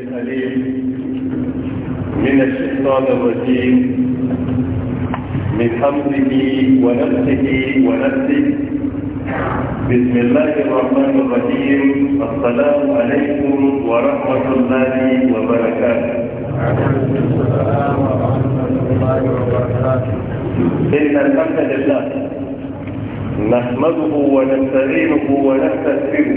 الأليم من الشيطان الرجيم من حمده ونفسه ونفسه بسم الله الرحمن الرحيم السلام عليكم ورحمة الله وبركاته إن الحمد لله نحمده ونستعينه ونستغفره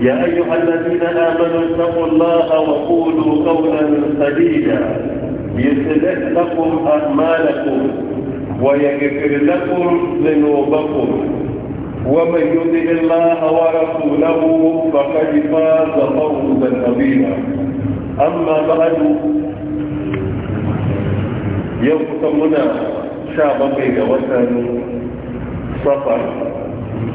يا أيها الذين آمنوا اتقوا الله وقولوا قولا سديدا يصلح لكم أعمالكم ويغفر لكم ذنوبكم ومن يطع الله ورسوله فقد فاز فوزا عظيما أما بعد يوم منا شعبك وسن صفر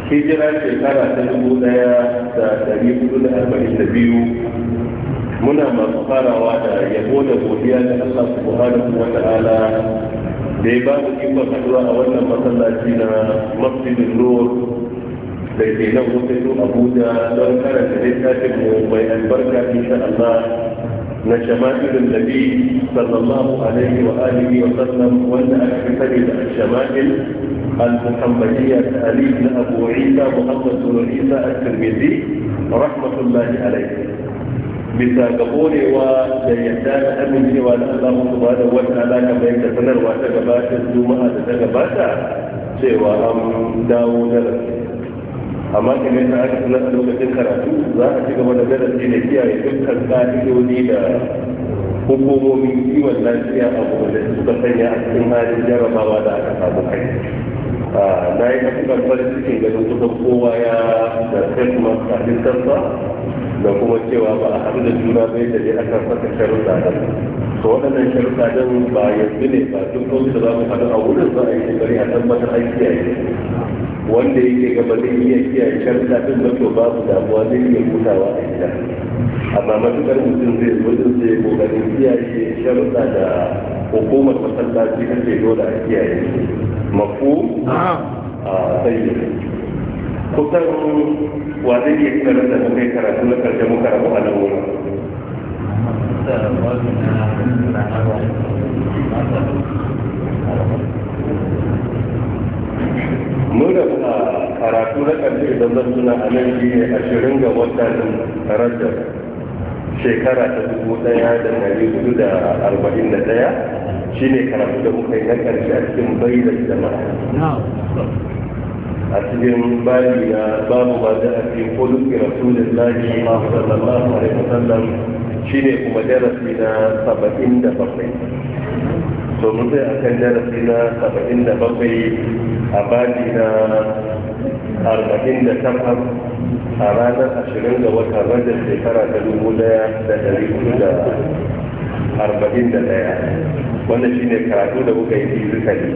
hijira shekara ta dubu daya da dari hudu da arba'in da biyu muna masu farawa da yabo da godiya da Allah subhanahu wa ta'ala da ya ba mu ikon haɗuwa a wannan masallaci na masjidin nur da ke nan a abuja don karanta littafin mu mai albarka insha Allah na shama'ilun bi sallallahu alaihi wa alihi wa sallam wanda aka fi sani da shama'il المحمدية علي بن أبو عيسى محمد بن عيسى الترمذي رحمة الله عليه بسا قبول وجيتان أمن سوى الله سبحانه وتعالى كما يكتسن الواتا قباشا الزوما هذا قباشا سوى أم داود أما كما يكتسن الواتا قباشا كراتو ظاهر كما نزل الجنسية يكتسن قادي hukumomi kiwon lafiya abu da suka sanya a cikin halin jarabawa da aka samu kai na yi matuƙar farin cikin ganin kusa kowa ya da kalmar kafin kansa da kuma cewa ba a haɗu da juna bai da dai akan saka sharuɗa ɗin to waɗannan sharuɗa ɗin ba yanzu ne ba duk kawai da za mu haɗu a wurin za a yi kokari a tabbatar an kiyaye wanda yake gaba zai iya kiyaye sharuɗa ɗin ba to babu damuwa zai iya hutawa a gida amma matuƙar mutum zai zo din zai kokarin kiyaye sharuɗa da hukumar masallaci kan dole a kiyaye mafu a sai kusan wa zai iya karanta da muka yi karatu na karshe muka rabu a nan wurin mun da karatu na karshe idan zan suna a nan shi ne ashirin ga watan rajar shekara ta dubu ɗaya da dari hudu da arba'in da ɗaya? shi ne karatu da muka yi na karshe a cikin bayyana jama'a a cikin bayi na babu ba da a fi kulun da lahi ma sallallahu alaihi wasallam shi ne kuma darasi na saba'in da bakwai to mun sai akan darasi na saba'in da bakwai a bayi na arba'in da takwas a ranar ashirin ga wata rajar shekara ta dubu daya da dari hudu da arba'in da daya wannan shine karatu da muka yi fizikali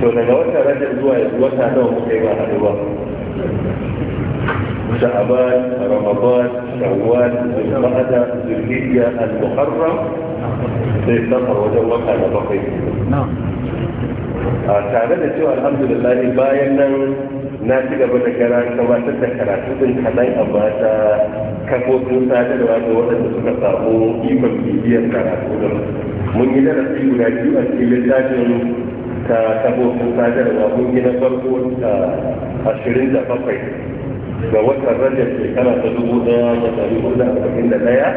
to daga wata rajin zuwa wata nawa muka yi ba haɗu ba شعبان رمضان شوال القعدة Al-muharram, sai safar wajen wata da bakwai a tare da cewa alhamdulillah bayan nan na ci gaba da gara gabatar da karatu din kaɗan a bata kafofin sadarwa da waɗanda suka samu ikon bibiyar karatu din mun yi darasi guda biyu a cikin littafin ta kafofin sadarwa mun yi na farko ta ashirin da bakwai ga watan rajar shekara ta dubu daya da dari hudu arba'in da ɗaya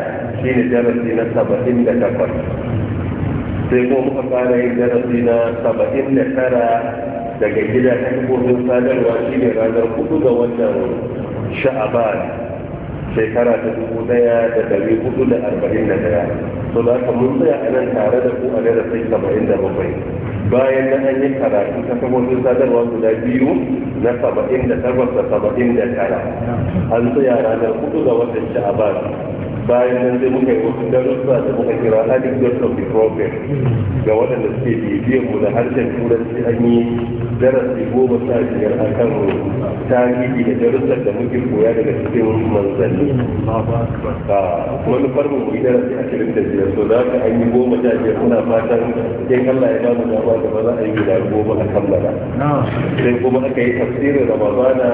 shi ne darasi na saba'in da takwas sai kuma muka fara yin darasi na saba'in da tara daga gida ta kafofin sadarwa shi ne ranar hudu ga watan sha'aban shekara ta dubu daya da dari hudu da arba'in da daya so da aka mun tsaya a nan tare da ku a darasin saba'in da bakwai bayan na an yi karatu ta kafofin sadarwa guda biyu na saba'in da takwas da saba'in da tara an tsaya ranar hudu ga watan sha'abar bayan nan sai muka yi wasu darussa da muka kira anecdotes of the prophet ga waɗanda suke bibiyar mu da harshen turanci an yi darasi goma sha biyar a kan tarihi da darussan da muke koya daga cikin manzanni manufar mu yi darasi ashirin da biyar so za ka an yi goma sha biyar muna fatan in Allah ya bamu dama da ba za a yi guda goma a kammala sai kuma aka yi tafsirin ramadana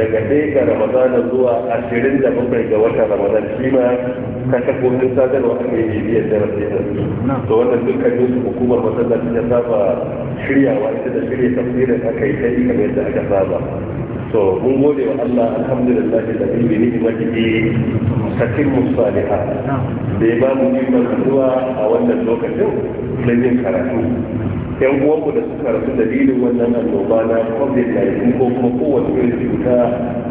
daga ɗaya ga ramadana zuwa ashirin da bakwai ga watan ramadana shi ma kan kafofin sadarwa aka yi bibiyar darasi da su to wannan dukkanin su hukumar masallaci ta saba shiryawa ita da shirya tafsirin aka yi ta yi kamar yadda aka saba to mun gode wa Allah alhamdulillah da bin bi ni'matihi tatimmu salihat da ya ba mu ni'mar zuwa a wannan lokacin da karatu yan uwanku da suka rasu dalilin wannan annoba na covid-19 ko kuma kowace irin cuta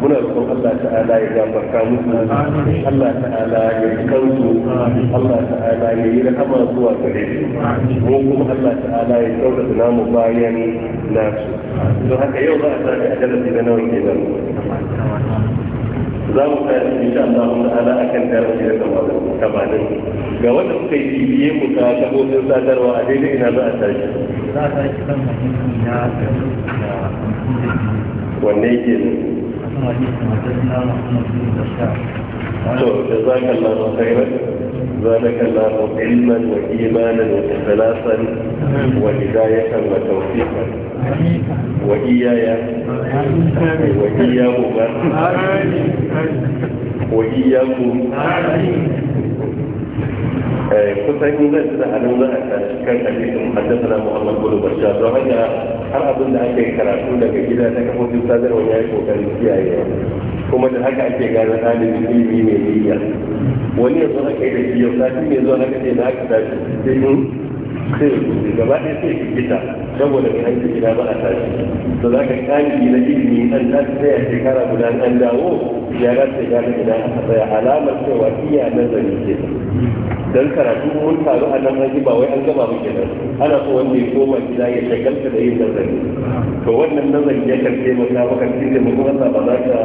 muna roƙon Allah ta'ala ya gafarta musu Allah ta'ala ya kansu Allah ta'ala ya yi rahama zuwa gare su ko kuma Allah ta'ala ya kauda da namu bayan nasu To haka yau za a sami a darasi na nawa kenan za mu tsaya insha Allah ta'ala akan darasi da tamanin ga wanda suka yi bibiye mu ta kafofin sadarwa a daidai ina za a tashi wanne ke ne to da za ka lafa Eh, kusan in zai tuna a nan za a tashi kan hadisin haddasa muhammad gudu bashar don haka har abin da ake karatu daga gida ta kafofin sadarwa ya yi kokari kiyaye kuma da haka ake gane ɗalibin ilimi mai niyya wani yanzu aka yi da shi yau sati ne zuwa haka ce da haka tashi sai sai gaba ɗaya sai gita saboda mai aiki gida ba a tashi to za ka kani na ilimi an tashi tsaya shekara guda an dawo ya ga ta gane gida a tsaya alamar cewa iya nazari ke dan karatu mun taru a nan an ba wai an gama muke nan. ana so wanda ya koma gida ya shagalta da yin nazari to wannan nazari ya karfe maka maka cikin mu kuma Allah ba za ka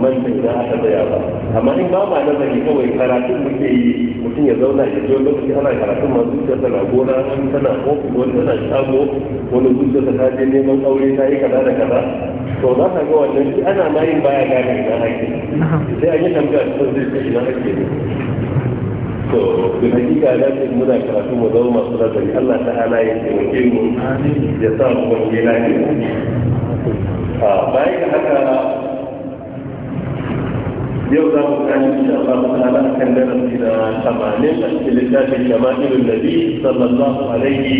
manta idan aka tsaya ba amma in ba ma nazari kawai karatu muke yi mutum ya zauna ya ji lokaci ana karatun ma zuciyarsa ta gona wani tana ofis wani tana shago wani zuciyarsa ta je neman aure ta yi kaza da kaza to za ka ga wannan shi ana ma yin baya gane ina ake sai an yi tambaya cikin zai ce na ake ne to hakika da muna karatu mu zama masu nazari Allah ala ya taimake mu yau za mu kashi insha Allah ta'ala akan darasi da tamanin a cikin littafin shama'ilun nabi sallallahu alaihi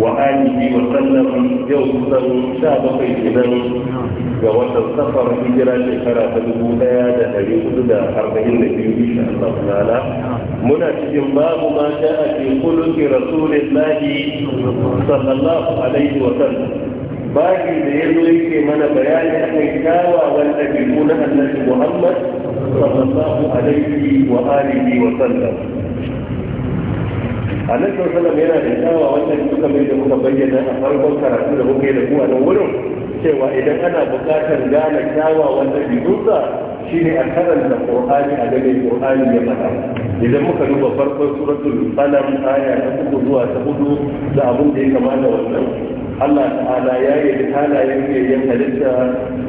wa alihi wa sallam yau kusan sha bakwai kenan ga watan safar hijira shekara ta dubu daya da dari hudu da arba'in da biyu insha Allah ta'ala muna cikin babu ma sha'a fi kuluki rasulillahi sallallahu alaihi wa sallam باقي بيدوي في من بيان أن كاوى والنبيون أن محمد صلى الله عليه وآله وسلم annan kyau sallam yana da kyawa wannan duka mai da muka bayyana a farkon karatu da muke da kuma nan wurin cewa idan ana buƙatar gane kyawa wanda bidunsa shine a karanta qur'ani a gane qur'ani ya faɗa idan muka duba farkon suratul qalam aya ta uku zuwa ta hudu da abin da ya kamata wannan Allah ta'ala ya yi halayen yayin halitta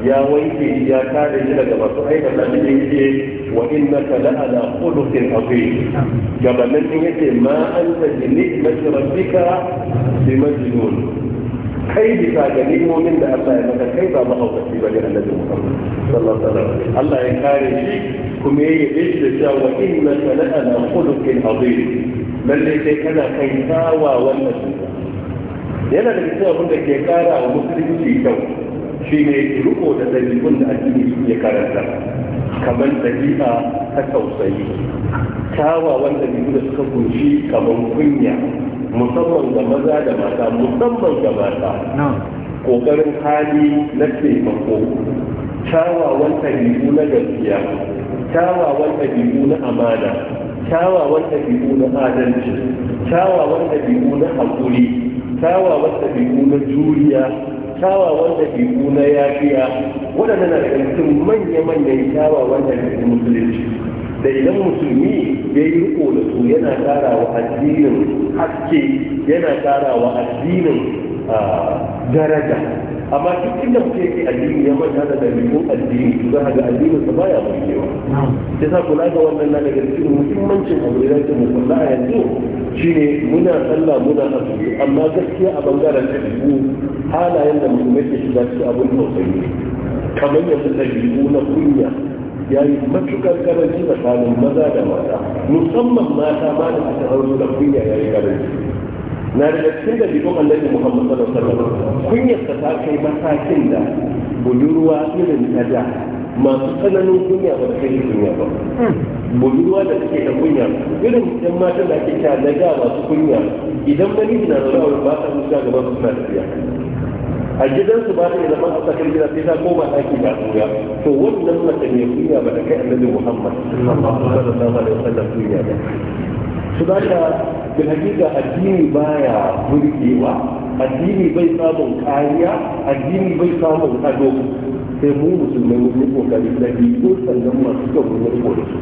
ya wanke ya kare shi daga masu aikata da yake wa innaka la ala khuluqin azim gabanin din yake ma anta bi ni'mati rabbika bi majnun kai bisa ga ni'momin da Allah ya maka kai ba mahaukaci ba ne annabi Muhammad sallallahu alaihi wasallam Allah ya kare shi kuma ya yi da cewa wa innaka la ala khuluqin azim lalle sai kana kai tawa wannan yana da kisa abin da ke kara wa musulunci kyau shi ne riko da dalilin da addini ya karanta kamar dalila ta tausayi kyawawan dabi'u da suka kunshi kamar kunya musamman ga maza da mata musamman ga mata kokarin hali na taimako kyawawan ɗabi'u na gaskiya kyawawan ɗabi'u na amana kyawawan ɗabi'u na adalci kyawawan ɗabi'u na haƙuri kyawawan ɗabi'u na juriya kyawawan ɗabi'u na yafiya waɗanda na da cikin manya-manyan kyawawan ɗabi'u musulunci da idan musulmi ya yi riko da su yana ƙara wa addinin haske yana ƙara wa addinin ah, daraja amma duk inda kuke ke addini ya manta da dalilu addini za ka ga addinin sa baya bayyana ya sa kula ga wannan na daga cikin muhimmancin abu da yake musalla a yanzu shine muna sallah muna azumi amma gaskiya a bangaren ɗabi'u halayen da musulmai yake shiga cikin abin tausayi kamar yanzu ɗabi'u na kunya ya yi matukar karanci tsakanin maza da mata musamman mata ma da suka hauro da kunya ya yi karanci na daga cikin da biyu annabi Muhammad sallallahu alaihi wasallam kunyarsa ta kai matakin da budurwa irin ta da masu tsananin kunya ba kai kunya ba budurwa da take da kunya irin ɗan matan da ake ta daga ga masu kunya idan namiji na zuwa ba ba ta mutuwa gaba su suna tafiya a gidansu ba ta zama a tsakar gida sai ta koma ɗaki ta tura to wannan mace mai kunya ba ta kai annabi Muhammad sallallahu alaihi wasallam kunya ba su da ka da hakika addini baya burkewa addini bai samun kariya addini bai samun ado sai mu musulmai mun yi kokari da ko sannan masu kyau mun ko da su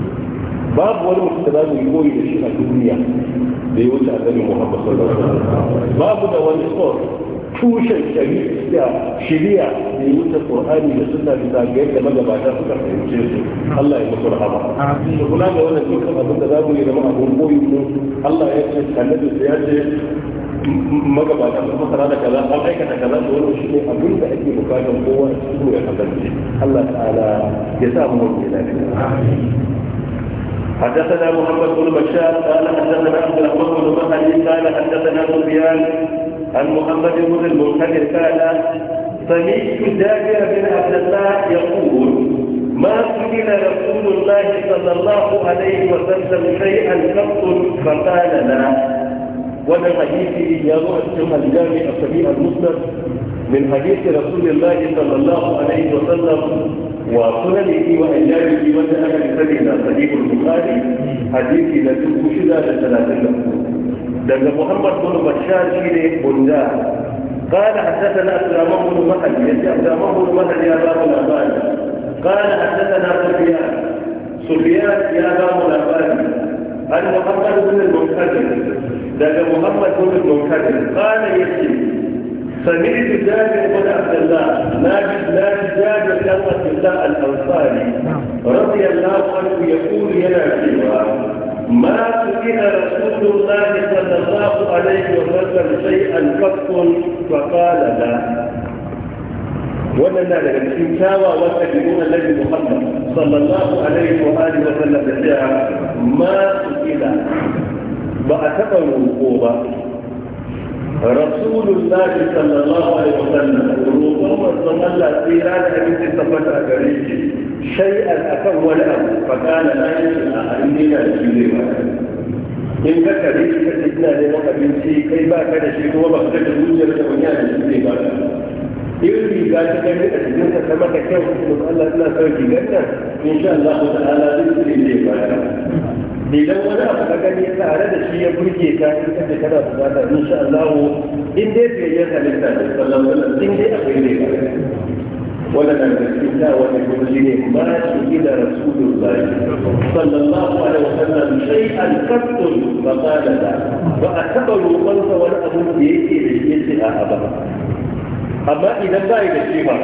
babu wani mutum da za yi koyi da shi a duniya da ya wuce a annabi Muhammad babu da wani tsoro tushen shari'a shari'a da yi wuce qur'ani da sunna bisa ga yadda magabata suka fahimce su Allah ya musu rahama to kula da wannan dukkan abin da za mu yi da abun koyi mu Allah ya ce annabi ya ce magabata sun fasara da kaza an aikata kaza da wani shi ne abin da ake bukatar kowa su ya kasance Allah ta'ala ya sa mu wani lafiya حدثنا محمد بن بشار قال حدثنا عبد الرحمن بن مهدي قال حدثنا سفيان عن محمد بن المنكدر قال سمعت جابر بن عبد الله يقول ما سئل رسول الله صلى الله عليه وسلم شيئا قط فقال لا ومن حديث يروى الشيخ الجامع الصبي المسند من حديث رسول الله صلى الله عليه وسلم وسننه وانجابه وسنن من سبيل صديق البخاري حديث لديه شدة ثلاثين لأن محمد بن بشار شيء bunda قال حدثنا أسلامه بن مهل يجي أسلامه بن مهل يا باب الأبان قال حدثنا سفيان سفيان يا باب الأبان أن محمد بن المنكدر لأن محمد بن المنكدر قال يجي سمعت جابر بن عبد الله ناجد ناجد جابر بن عبد الله الأنصاري نعم. رضي الله عنه يقول يا فيها ما سئل رسول الله صلى الله عليه وسلم شيئا قط فقال لا وننا لكم ان شاوى وسجدون الذي محمد صلى الله عليه واله وسلم جاء ما سئل بعتبر القوبة رسول الله صلى الله عليه وسلم روضه وصلى الله في لا تبيت صفتها a kan wani abu fa kana na yusna a inda da shi zai ba in ka kare shi ka tsina ne maka binci kai ba ka da shi kuma ba ka da zuciyar da wani da shi zai ba in riga ta yi da cikin ta sama ka kyau to Allah ina son ki ganna insha Allah ta ta'ala zai zai ba idan wani abu ka gani tare da shi ya burge ka in kace kana bukata insha Allah in dai bai yi halitta da sallallahu alaihi wasallam in dai akwai ne ba. wannan zafi ta wani kuma shi ne ba shi gida rasulun bayi sallallahu alaihi wa sallam sai alkatun matalata ba a taɓa roƙonsa wani abu da yake da shi yake a ba amma idan ba yi da shi ba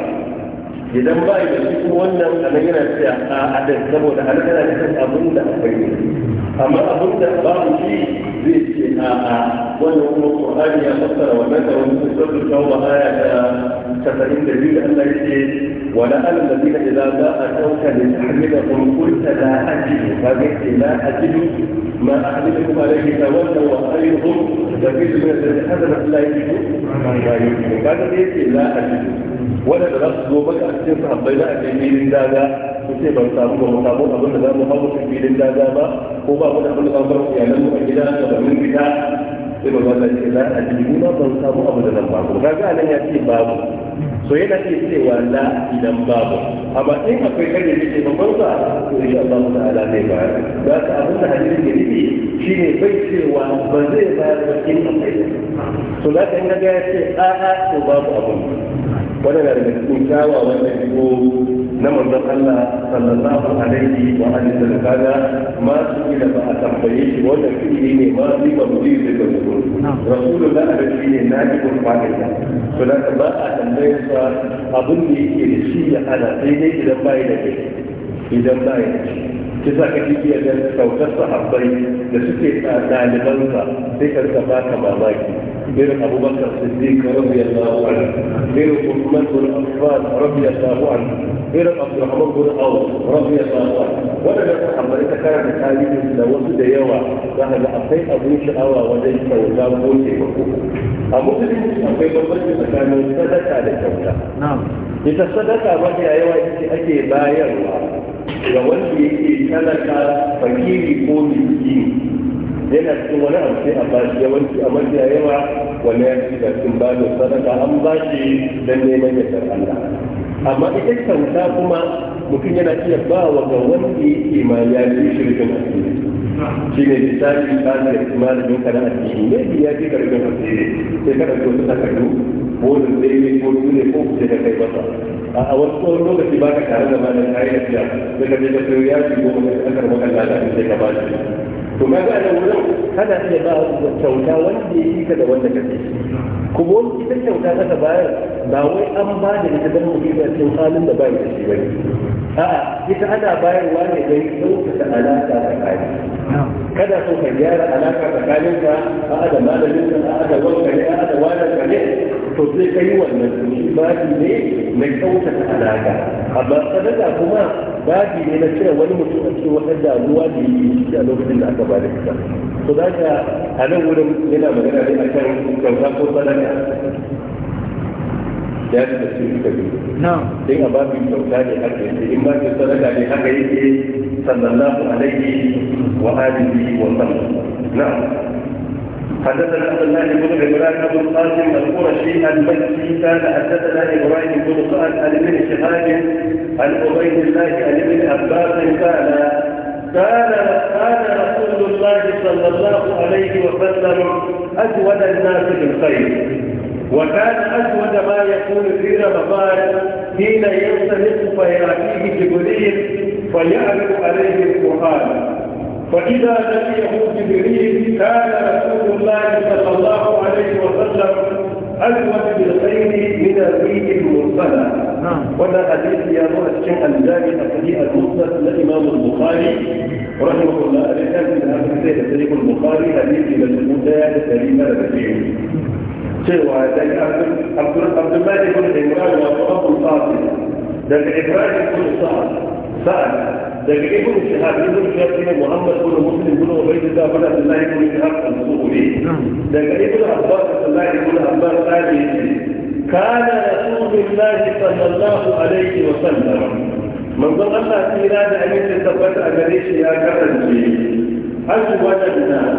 idan ba yi da shi kuma wannan abin yana tsaya a adin saboda alkana da kan abin da a bayyana amma abin da babu shi zai ce a a wannan kuma qur'ani ya fassara wannan da wani sura tauba aya ta 72 da Allah yake wala alam ladina idza ba'a tawka li tahmidahum qulta la ajidu kaga ce la ajidu ma ahmilukum alayhi tawallaw wa ayyuhum da bi min al-hadab la yajidu ma yajidu kaga ce la ajidu waɗanda za su zo maka a cikin sahabbai za a kai filin daga su ce ban samu ba mu samu abin da za mu hau su filin daga ba ko ba mu da abin an bar mu iyalan mu a gida da ba mun fita sai ba za ce za a ji mu ban samu abu da nan babu ga ga nan ya ce babu so yana iya cewa la idan babu amma in akwai kare da ke babban sa to insha Allah ta'ala zai bayar da ka abin da hadisin ya nufi shine bai cewa ba zai bayar ba in akwai so za ka in ga ya ce a'a to babu abin wanda na daga cikin kyawawan ɗabi'u na manzon Allah sallallahu alaihi wa alihi wa masu ma su ba a tambaye shi wanda fi'ili ne ma su ba mu yi da su rasulullah da shi ne na ji kun fa'ida to da ba a tambaye sa abin da yake da shi ya ana dai idan bai da shi idan bai da shi ki za ka ji iya gan kyautar sahabbai da suke ɗalibansa sai ka ga ba ka mamaki irin abubakar siddiq radiyallahu anhu irin umman bin affan radiyallahu anhu irin abdurrahman bin auf radiyallahu anhu wadannan sahabbai ta karanta tarihin da wasu da yawa za ka ga akwai abin sha'awa wajen kyauta ko taimako a musulunci akwai bambanci tsakanin sadaka da kyauta ita sadaka mafi yawa ita ake bayarwa ga wanda yake talaka fakiri ko miskini yana cikin wani abu sai a bashi yawanci a mafiya yawa wani ya fi da cikin bada sadaka an bashi don neman yadda Allah amma ita kyauta kuma mutum yana iya ba wa ga wanda yake ma ya yi shirkin asiri shi ne misali tsarin malamin kana asiri ne bi ya fi karfin asiri sai kada ɗauki wasu kadu ko da zai yi ko dole ko kusa ka kai masa a wasu tsohon lokaci ba ka tare da malamin kayan asiya sai ka je ka ya fi goma ka karɓi kan lada sai ka ba shi to ka ga nan wurin kada iya ba kyauta wanda ya yi ka da wanda ka fi kuma wani ita kyauta aka bayar ba wai an ba da ita don mutum da cikin halin da ba ita ce ba a'a ita ana bayarwa ne don kyautata alaƙa tsakani kada so ka gyara alaƙa tsakaninka a'a da malamin ka a'a da wanka ne a da wadanka ne to zai kai wannan babi ne mai kyautata alaka amma sadaka kuma babi ne na cewa wani mutum a cikin wata damuwa da yi a lokacin da aka bada kusa. to za ka a nan wurin yana magana ne a kan kyauta ko sadaka ya ji da cikin kabi din a babin kyauta ne haka yake in babin sadaka ne haka yake sallallahu alaihi wa alihi wa sallam na'am حدثنا عبد الله بن عمران بن القاسم القرشي المكي كان حدثنا ابراهيم بن قاسم عن ابن شهاب عن عبيد الله عن ابن عباس قال كان كان رسول الله صلى الله عليه وسلم اجود الناس بالخير وكان اجود ما يكون في رمضان حين ينسلق فياتيه جبريل فيعرض عليه القران وإذا لقيه جبريل كان رسول الله صلى الله عليه وسلم أجود بالخير من الريح المرسلة نعم. ولا حديث يا مؤسسين الجاري الحديث المسند للإمام البخاري رحمه الله الإسلام من الشيخ التاريخ البخاري حديث إلى المنتهى الكريم الرجيم سوى ذلك عبد الملك بن عمران وأبو القاسم ذلك عمران بن سعد سأل daga ibn shahab ibn shahab ne muhammad ibn muslim ibn ubayd da ibn abdullah ibn shahab al-zuhri daga ibn abbas abdullah ibn abbas tabi كان رسول الله صلى الله عليه وسلم من ظن الله في هذا أن يتثبت أمريش يا كرنجي أزواج الناس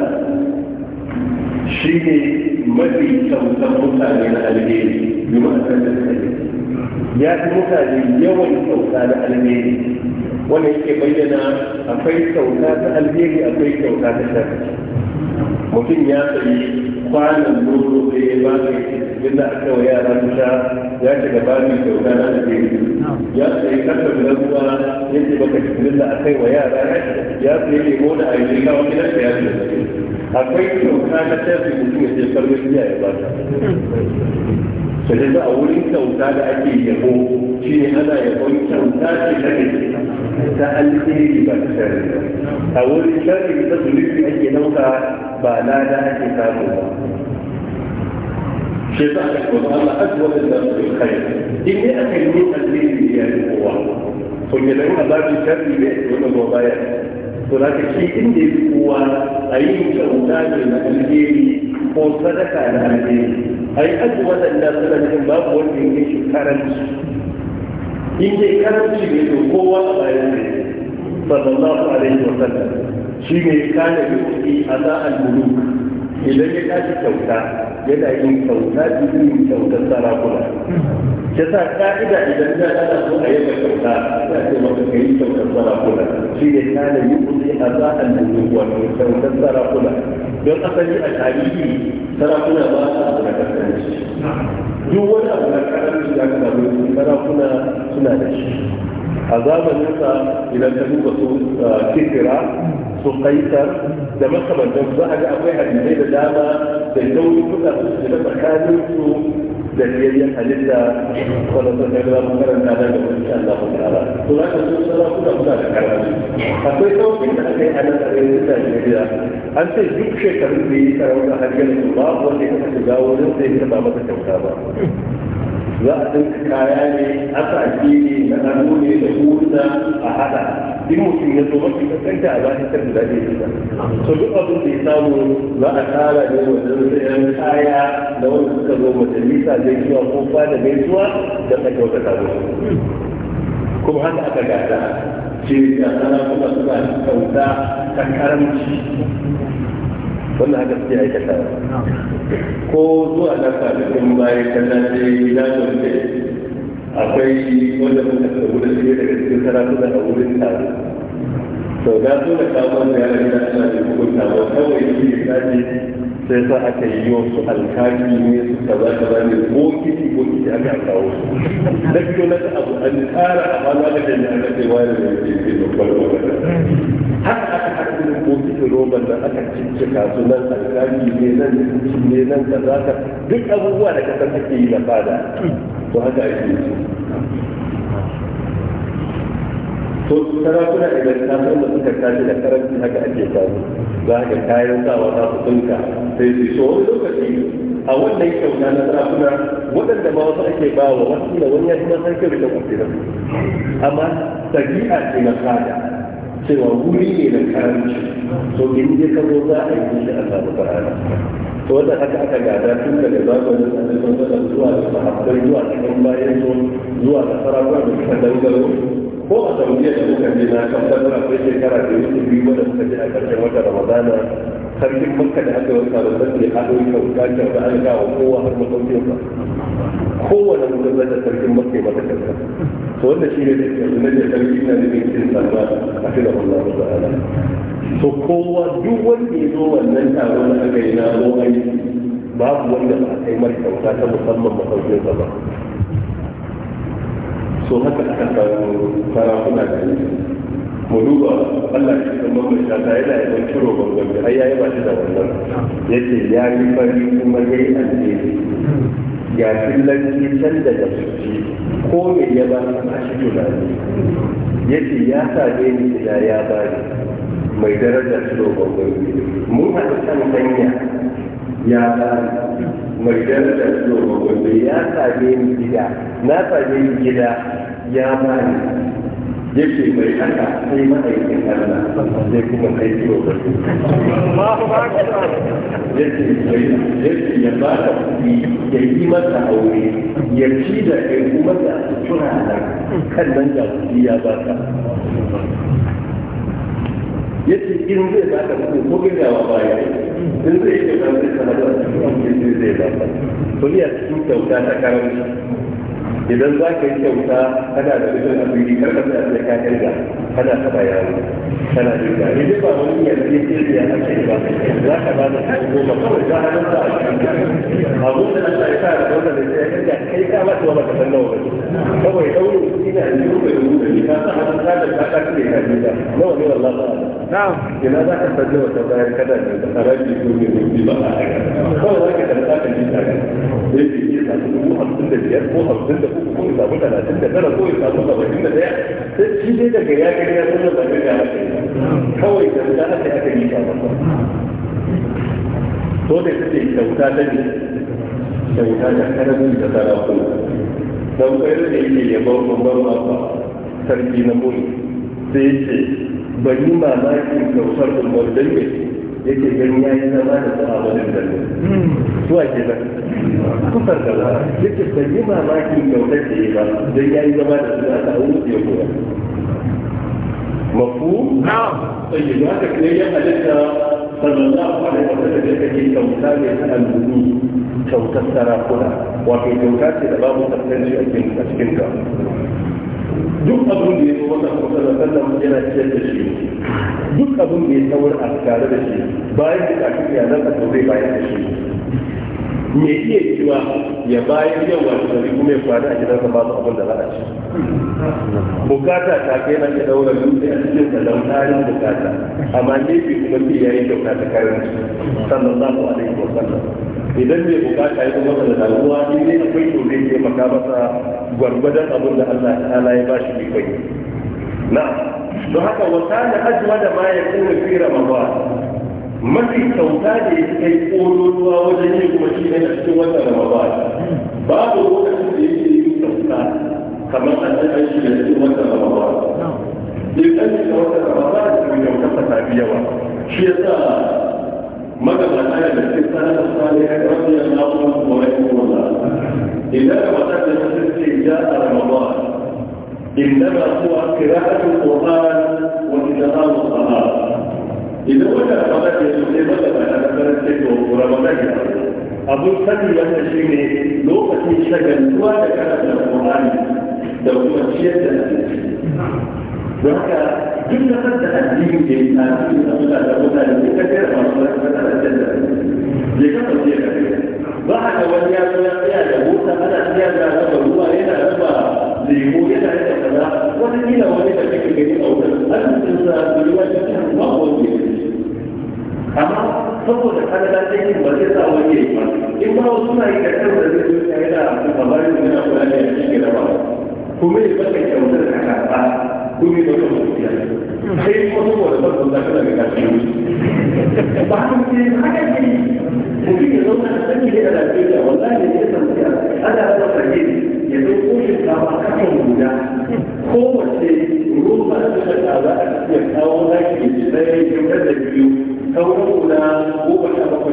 شيء mafi kyautar mutane na alheri bi ma'anar da ya fi mutane yawan kyauta na alheri wanda yake bayyana akwai kyauta ta alheri akwai kyauta ta shafi mutum ya sayi kwanan nono da ya ba da yadda aka wa yara sha ya shiga mai kyauta na alheri ya sayi kasar ruwa ya ce baka cikin da aka wa yara ya sayi lemo da ayyuka wani da ya ce akwai kyauta na tafi mutum ya je karbe biya ya ba ta sai da a wurin kyauta da ake yabo shi ne ana yabon kyauta ce ta ne ta alheri ba ta shari a wurin shari ta zunubi ake nauka ba lada ake samu ba shi ta aka kuma Allah azwa da zasu yi kai in ne aka yi alheri ya yi kowa to ke da yin azabi shari ne wanda ba ya to da shi inda ya fi kowa a yi kyauta ne na alheri ko sadaka na alheri a yi aji waɗanda suna cikin babu wanda ya shi karanci in dai karanci ne to kowa a bayan ne sallallahu alaihi wa sallam shi ne kana yi a za'al muluk idan ya tashi kyauta yana yin kyauta irin kyautar sarakuna ya sa ka'ida idan za ana so a yanka kyauta za a ce maka ka yi kyautar sarakuna shi ne kana yi kuɗi a za'an da yi wato kyautar sarakuna don asali a tarihi sarakuna ba a abu na kasance duk wani abu na karanci da aka samu sarakuna suna da shi a zamaninsa idan ka duba su kifira su kaisar da makamantan za a ga akwai hadisai da dama da nauyi kuka su da tsakanin su da biyayyen halitta kwallon da ga makaranta da ga wani shan zafin kara to za ka so sana kuna kuna da kara akwai sauƙin da aka yi a nan a yanzu da Najeriya an ce duk shekarun da ya yi sarauta har yanzu ba wanda ya taɓa shiga wurin sai ya taɓa masa kyauta ba za a ɗinka kaya ne asaki ne na hannu ne da hula a hada in mutum ya zo mafi kasanta a zafin kan da zai fita so duk abin da ya samu za a tara ne wajen sayan kaya da wanda suka zo majalisa gaisuwa ko ba da gaisuwa da ta kyautata kuma haka aka gasa ce da sana kuma suka kyauta wannan haka suke aikata ko zuwa na kafin bayan tallace na dole akwai wanda muka tsawo da shi daga cikin sarakun a wurin taro to na su da kawo da yaran da suna da hukunta ba kawai shi ne kaji sai sa aka yi yau su ne su kaza kaza ne bokiti bokiti aka kawo su da fito na abu an tsara a bana ka jami'a da kai wani da ya babbar haka aka haka ne ko cikin roban da aka cincika su nan alƙali ne nan cikin ne nan kaza ka duk abubuwa da kasar take yi na fada to haka ake yi to sarakuna idan ta san da suka tashi da karanci haka ake samu za ka kayan sawa ta su tsinka sai su so wani lokaci a wannan kyauta na sarakuna waɗanda ma wasu ake ba wa wasu da wani ya kuma sarki da kuɗi amma tabi'a ce na fada cewa wuri ne da karanci to in je ka zo za a yi shi a samu barana to wanda haka aka gada tun daga zamanin da Allah da zuwa da sahabbai zuwa da kan bayan so zuwa da sarakuna da suka dangaro ko a Saudiya da muka je na kan dangara akwai shekara da yake biyu da suka je a ƙarshen wata Ramadana sarkin makka da aka wata da sarki ya haɗo ya wuta kyau da an gawa kowa har makwabcin ba kowane mutum da sarkin makka ya mata kyauta to wanda shi ne da ke zuwa da sarki na nufin cin sarra a fi da Allah wa ta'ala to kowa duk wanda ya zo wannan taro da aka yi na zo aiki babu wanda ba a kai mara kyauta ta musamman makwabcin ba so haka aka samu sarakuna da yanzu mu duba Allah shi kan mamman shata yana yawan ciro bangon har yayi ba shi da wannan yace ya yi fari kuma ya yi alheri ya fillanci can da da suci ko me ya ba a shi tunani yace ya same ni ina ya ba ni mai darajar ciro bangon mun haɗu kan hanya ya ba ni mai darajar ciro bangon ya same ni gida na same ni gida ya ba ni yake mai haka sai ma'aikin Allah sai kuma kai kiwo ba yake mai yake ya ba da kuɗi ya yi masa aure ya ci da ya kuma da tura da kan nan da kuɗi ya ba ta yace in zai ba ta kuɗi ko gajawa ba ya in zai yi da zai sanar da kuɗi zai ba ka to a cikin kyauta ta karanci idan za ka yi kyauta kana da rufin asiri karka sai da ka kirga kana taba yaro kana kirga ne duk ba wani yanzu ya ake ba za ka ba da kai goma kawai za a nuna a cikin abin da Allah ya sa da wannan da ka ba ta ba ka nawa ba kawai daure kuɗi na yanzu rufe da rufe ne sa hannun ta da kaka ta ne ta ne ta nawa ne wallah ba na'am ina za ka sanje wata bayan kada ne da haraji ko ne ne ba a kawai za ka ta ka ji ta ne da yake ta samu dubu hamsin da biyar ko hamsin da uku ko samu talatin da tara ko ya samu saba'in da ɗaya sai shi dai daga ya gani ya san da ba ka ga kawai da ta ka aka yi ta ba dole ta ce kyauta ta ne kyauta ta karamin da sarakuna don kai da yake yabon babban mafa sarki na mulki sai ce ban yi mamakin kausar da don ne yake gani ya yi zama da sahabanin da ne suwa ke nan kusan da ba yake ban yi mamakin kausar da ya ba don ya yi zama da suna a ta'uru ya koya mafu? na'am sai ya ne ya halitta sallallahu alaihi da kyautar sarakuna wato kyauta ce da babu kasance a cikin ka duk abin da ya zo masa kusa da sallama yana ciyar da shi duk abin da ya tawar a tare da shi bayan da kafin nan ka zai bayan da shi me iya cewa ya bayan yau wani gari kuma ya kwana a gidansa ba su abin da za a ci bukata ta kai na ke daura dutse a cikin talaunarin bukata amma ne bi kuma ke yayi kyauta ta kayan sallallahu alaihi wa sallam idan bai bukata ya kuma da damuwa ne ne akwai to zai ke maka masa gwargwadon abin da Allah ta'ala ya shi bai kai na don haka wata da ajiwa da ma ya kuma fi ramadan mafi kyauta ne ya kai kololuwa wajen yin kuma shi ne a cikin wannan ramadan babu lokacin da yake yin kyauta kamar an taɓa shi da cikin wannan ramadan in an yi da wannan ramadan da bai kyauta ta yawa shi ya sa. آدم السلام الصالح رضي الله عنه رمضان إنما هو قراءة القرآن وإتقان الصلاة إذا وجد وجدت الست مثلا مثلا الست ورمضان abun sani wanda shi ne lokacin shagaltuwa da karanta Qur'ani da kuma ciyar da duk da kanta addinin da ya a cikin abinda da mutane da ka kera masu da ka da ya kafa ce ka ba a ga wani ya zo ya tsaya da mota ana tsaya da raba ruwa yana raba lemo yana raba kaza wani kila wani da kake gani a wurin an sun sa ruwa ya ta ba wani amma saboda kada da take ba zai sa wani ya yi ba in ba wasu na yi da kansa da zai zo ya yi da labarin da na kula da ya shi gaba kuma ya baka kyautar ka karɓa kuma da kuma tafiya sai ko saboda babban da kana ga kashi ba haka ne haka ne mutum ya zauna da sani da lafiya wallahi ne ya san ya ada da sani ya zo ko shi ta ba kafin guda ko wace ruwa da ta tsara a cikin kawo zaki da shi sai ya kai da biyu sauran guda ko ba ta ba ko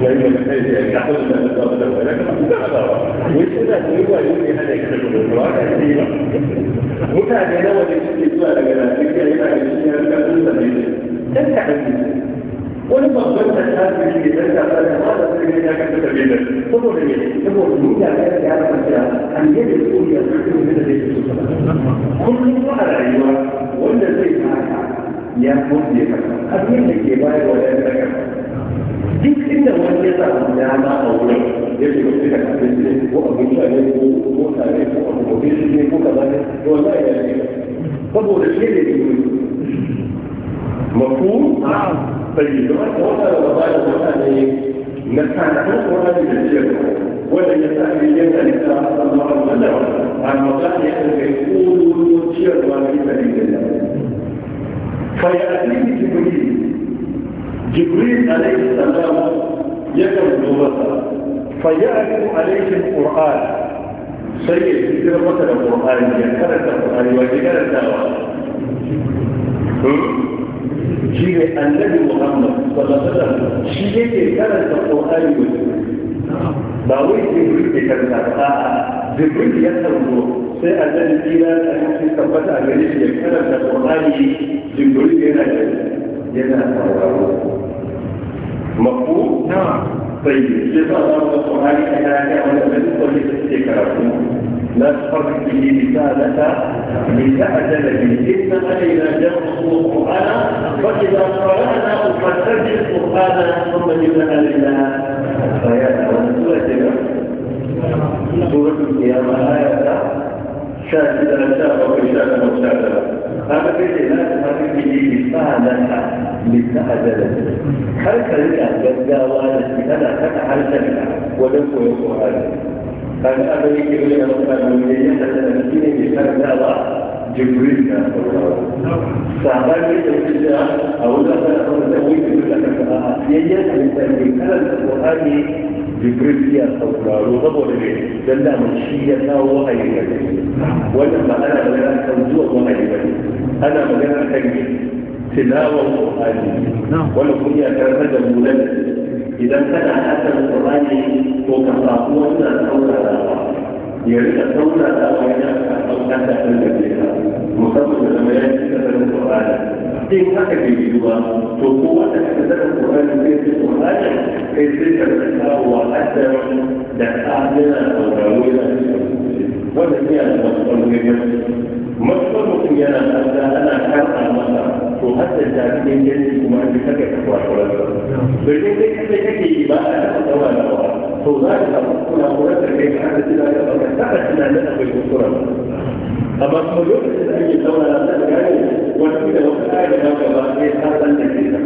ya yi da kai da ya kafa ta ba da ba da wace da ta yi ba yi ne hada ita da ba ta yi ba mutane na wani suke zuwa daga najeriya yana da shi ya rika sun same shi dan kaɗan ne wani babban tattara ne dan tattara da ma da su ne ya ne ne da saboda ne saboda duniya ta yi ya an yi da su ya kasa da zai su sama kullum a rayuwa wanda zai haka ya mutu ya abin da ke bayarwa ya kasa duk inda wani ya samu dama a wurin يجب كده مفهوم نعم طيب دلوقتي وضع الوضع عن مطاعي الله فيأتيه جبريل جبريل عليه السلام يكمل ضغطه فيأتوا عليهم القرآن سيد كده مثلا القرآن يكرت القرآن ويجعل الدعوة شيء النبي محمد صلى الله عليه وسلم شيء يكرت القرآن باوي جبريل يكرت آه، القرآن جبريل يكرت سي إلى أن يثبت أمريش يكرت القرآن جبريل ينجل ينجل مفهوم؟ نعم طيب قال الله القرآن أنا أنا من كل تذكركم لا تفرق به رسالة من أجل به إنما إذا جاء القرآن فإذا قرأنا فاتبع القرآن ثم جبنا لنا فيا سورة سورة القيامة آية شاهد الأشياء وشاهد وشاهد هذا كده لا تفهم في مستهدفة مستهدفة حركة لك جداوة أنا كده حركة لك ودفو يقوى هذا فأنا أبني كبيرة مثلا من يجب أن تكون مستهدفة جبريل صعبان جدا جدا أولا فأنا أقول لك يجب أن تكون مستهدفة القرآن jibril ya sauraro saboda ne don da shi ya kawo wahayi ga wannan ba ana magana kan zuwa wahayi ba ana magana a kan tilawar qur'ani wannan kunya ta da mu idan kana hasan qur'ani to ka samu wannan saurarawa ya rika tauna da wajen karɓar kasashen da ke ka musamman da zama ya ci kasarin ƙwararra in haka ke yiwuwa to ko wata kasarin ƙwararra zai ci ƙwararra kai sai ka rika kawo hadar da tsadina da ƙwararru yana ci wanda ne a da masu ɓangarori matuƙar mutum yana tsada ana karɓa masa to hadar da ke yanki kuma a ji kaka ka ƙwararra domin kai kake ibada da tsawa da فأولئك أقول أولئك كيف حدث إلى أن تحدث إلى أن تأخذ الكرة أما الحلول في أي دولة لا تتكلم وكذا وكذا وكذا هذا النتيجة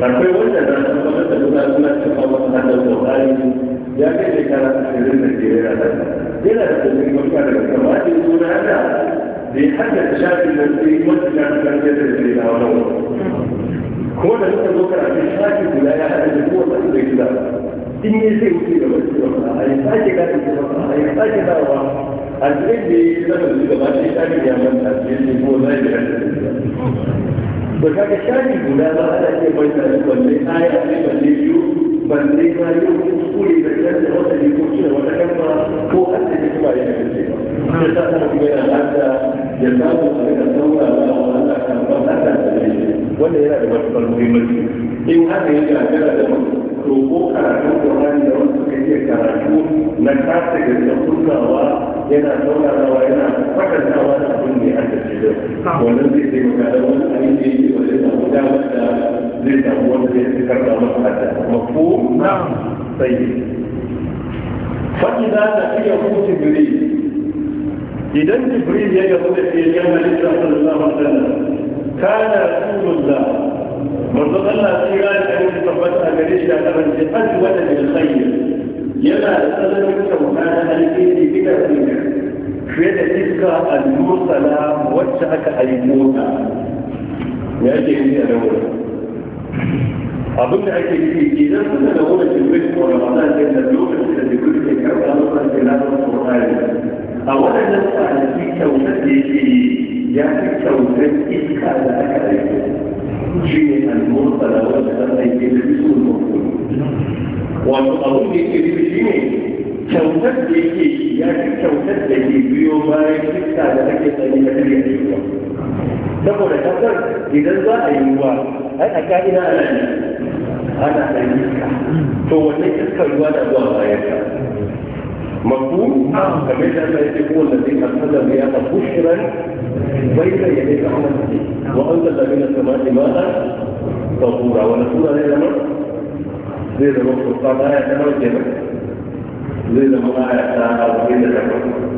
لكن وجد أن تقبلت الأولى أن تقبل هذا القرآن لكن كانت تحدث الجيران إلى أن مكان الكرامات دون هذا بحد الشاب الذي يمثل في الجزء الأول ko da suka zo karatu shafi guda ya haɗa da kowace su zai gida in ne zai wuce da wasu da wani a yi sake gadi da wani a yi sake dawa a cikin da ya yi zama da gaba da ya shafi ya manta a cikin ne ko zai da ya haɗa da ka shafi guda ba ana ce manta da balle aya ne balle biyu balle ma yi kuskure da ya wata ne ko cire wata ko an da ya da ta yana ya samu a kan ba wanda yana da matuƙar muhimmanci in haka ya gagara da to ko karatu da wani da wani suka iya karatu na kasa da tsakuntawa yana saurarawa yana kwatantawa da abin da ya haddace da wannan zai taimaka da wani abin da yake wajen samu damar da zai samu wanda zai fi karɓa masa hadda mafu na sai fa'iza da iya hutu jibril idan jibril ya gabu da fiye yana yin sallallahu alaihi wasallam كان رسول الله منذ الله سيرا الحديث ثبت أجريش لأمن أجود بالخير يما أسأل منك وكان الكيدي بك فيك في تلك المرسلة وجهك الموتى يأتي عندي أنا abin da ake nufi idan suna da wani jirgin ko da wata da da lokacin da jirgin ke karɓa lokacin da na wani tsohari a waɗannan kwanaki kyautar da yake ya fi kyautar iska da aka aiko shi ne almurta da wanda ta aike da su mafi wato abin da yake nufi shi ne kyautar da yake ya fi kyautar da ke biyo bayan iska da ake tsari da kare da yiwuwa saboda kasar idan za a yi ruwa ai a ka'ida ana ne ana da iska to wannan iskar ruwa da zuwa bayan ka مفهوم فمثل ما يكون الذين اخذ المياه بشرا بين يديك رحمته وأنت الذين السماء ماء طهورا ونكون لنا من زي ما قلت آية كمان كده زي ما آية كده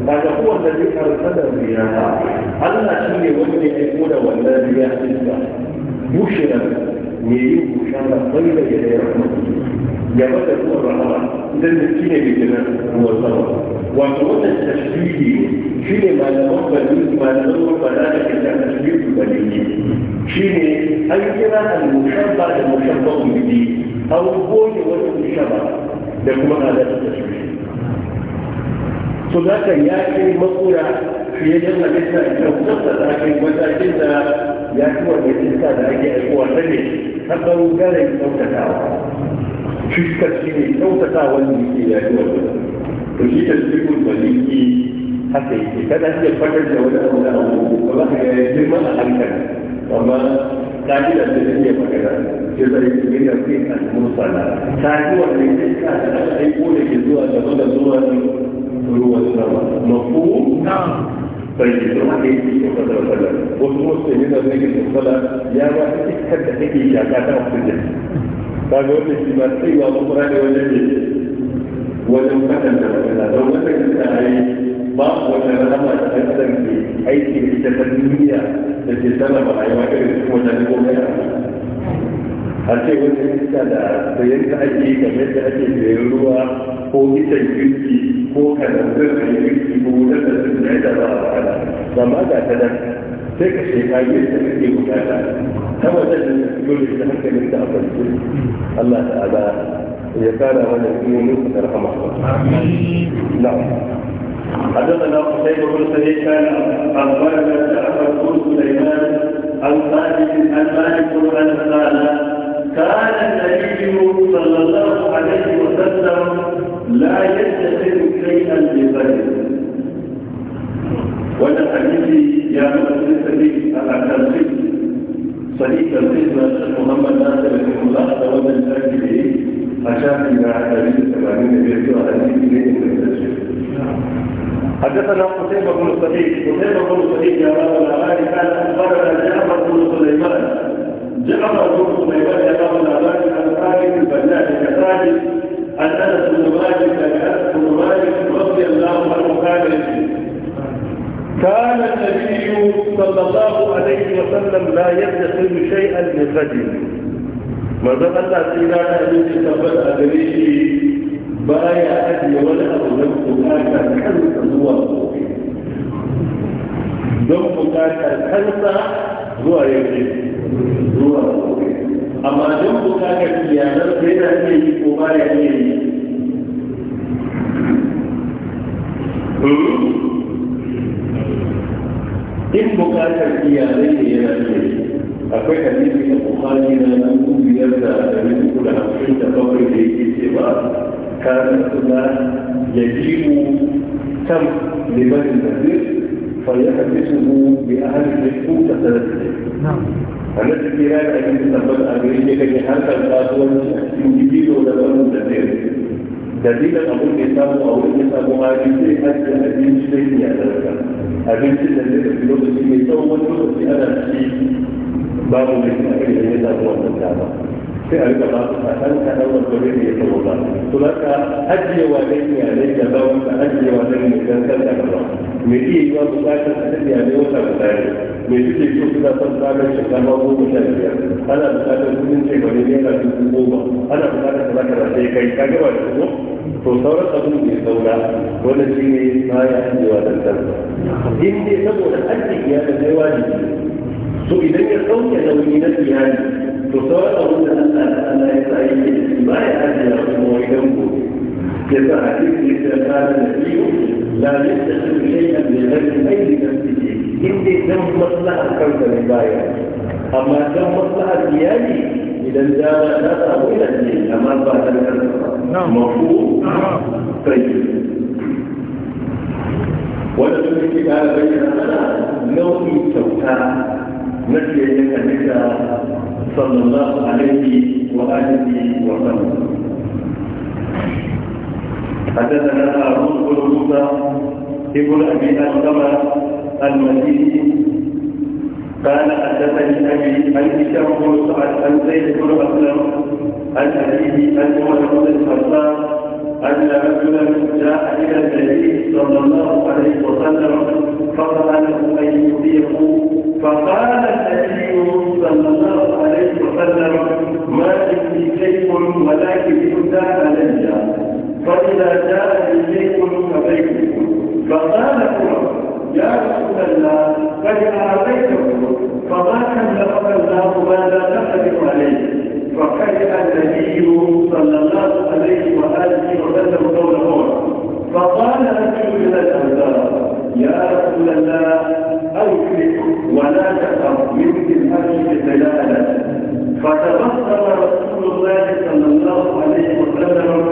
هذا هو الذي أرسل المياه ألا شيء وجه يكون والذي يهدي بشرا يجيب بشارة بين يدي رحمته gaba da ruwan rahama idan da shi ne bikinan ruwan sama wato wannan tashbihi shi ne malaman bani malaman rabbana da ke da tashbihi bani shi ne an kira al-mushabba da mushabba bihi an goge wani mushabba da kuma halatta tashbihi to za ka ya kai makoya fiye da halitta ita kusa da ake matakin da ya ci wanda iska da ake aikowa ta ne ta ɓangaren ɗaukakawa fuskar shi ne kyautata wanda yake yayi wa to shi da cikin baliki haka yake kada shi fadar da wani abu da abu ba za ka ga girma a hankali amma ka'idar da take magana ke zai yi da fi al ta ka'idar wani take ka da aiko da ke zuwa da zuwa zuwa ruwan sama mafhum na'am طيب لو حد يجي يقدر ولا والمسلم da بنيجي الصلاة يا واحد كده هيجي يا كده وكده ba ga wanda shi ba sai ba kuma da wajen ne wajen kwatanta magana don wata kisa a yi ba wata rahama da ta kasance aiki da ita ta duniya da ke sarrafa rayuwa irin su wajen komai a ce wata kisa da sayan ta ake game da ake sayan ruwa ko kisan girki ko kanan zirka girki ko wutar da sun da ba a ba ga ta nan تلك ka shekaru da kake bukata ta wajen da dole da hankalin da aka yi Allah ta'ala ya kara mana ilimin da rahama na'am حدثنا قتيبة بن سعيد كان أخبرنا جعفر بن سليمان عن مالك عن مالك عن قال كان النبي صلى الله عليه وسلم لا يتخذ شيئا بغيره wannan hadisi ya nuna cikin sahihi a tarsif sahihi tarsif na shan muhammad na da bin mullah da wannan sarki da a shafi na hadari da tamanin da biyar zuwa hadisi ne mai tarsif حدثنا قتيبة بن سعيد، قتيبة بن سعيد يا رب العالمين قال أخبرنا جعفر بن سليمان جعفر بن سليمان يا رب العالمين عن خالد البنات كثالث أن أنس بن مالك أنس بن مالك رضي الله عنه قال كان النبي صلى الله عليه وسلم لا يدخل شيئا من غد ماذا قال سيدنا الذي تبدا بريشي بايا ادي ولا اظلمت هذا كنت هو don bukatar kansa zuwa yake zuwa amma don bukatar iyalar sa yana iya yi ko baya iya yi in bukatar iyalai ne yana ce akwai hadisi da bukhari na dubu biyar da dari uku da hamsin da bakwai da yake cewa kana suna ya jibu tam limanin nazir fa ya hadisuhu bi ahli shirku ta sarrafa annabi kira da abin da tabbata a gare shi kake harkar kasuwanci a cikin gidido da wannan da zai dalilin abin da ya samu a wurin ya samu hali sai hajji a cikin shi sai ya zarka abincin da zai da lokaci mai tsawon wani lokaci ana ci babu mai kuma kai da ya samu wannan dama sai a rika ba su kaɗan kaɗan wanda zai iya tsawo ba to za ka ajiyewa ne iyalai da za ka ajiyewa ne mai gangan da gaba mai iya yi wa bukatar a tafiya ne wata guda ne mai suke so suna son tsarin shekara goma sha biyar ana bukatar kudin ce ba ne naira dubu goma ana bukatar da za ka kai ka gaba da kuma to sauran abin ya saura wanda shi ne ya hanyewa da kansa in dai saboda ajiye iyalin kai wajibi to idan ya sauke da wani na iyali to sauran abin da Allah da Allah ya sa yake baya ajewa kuma wani dan ko ya sa hadisi ya sa da nabi la da shay'an bi da su nafsihi in dai dan maslahar da ne baya amma dan maslahar iyali idan dama ta samu yana ne amma ba ta karfa mafu kai wanda duk ke kara bayyana mana nau'i kyauta na sannan za a alaihi wa alihi wa sallam حدثنا هارون بن موسى ابن ابي القمر المديني كان حدثني ابي عن كتابه سعد عن زيد بن اسلم عن ابيه ان عمر بن الخطاب ان رجلا جاء الى النبي صلى الله عليه وسلم فساله ان يطيعه فقال النبي صلى الله عليه وسلم ما عندي شيء ولكن يؤتى علي فاذا جاء شيء فبيتكم فقال عمر يا رسول الله قد أعطيته فما كلفك الله ماذا لا عليه فكره النبي صلى الله عليه وآله وسلم قوله فقال رجل من الأنصار يا رسول الله أوفق ولا تخف منك الأرش دلالا فتبصر رسول الله صلى الله عليه وسلم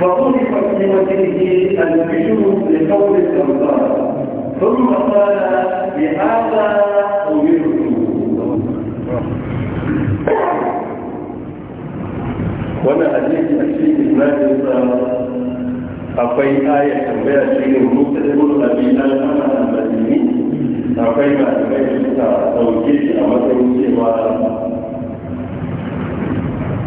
فعرفت في وجهه لقول الأنصار ثم قال بهذا أمرت وانا حديث أشيء إسلام أقوي آية تنبيع شيء مستدل أبي أنا المديني أقوي ما تنبيع توجيه أمر سوى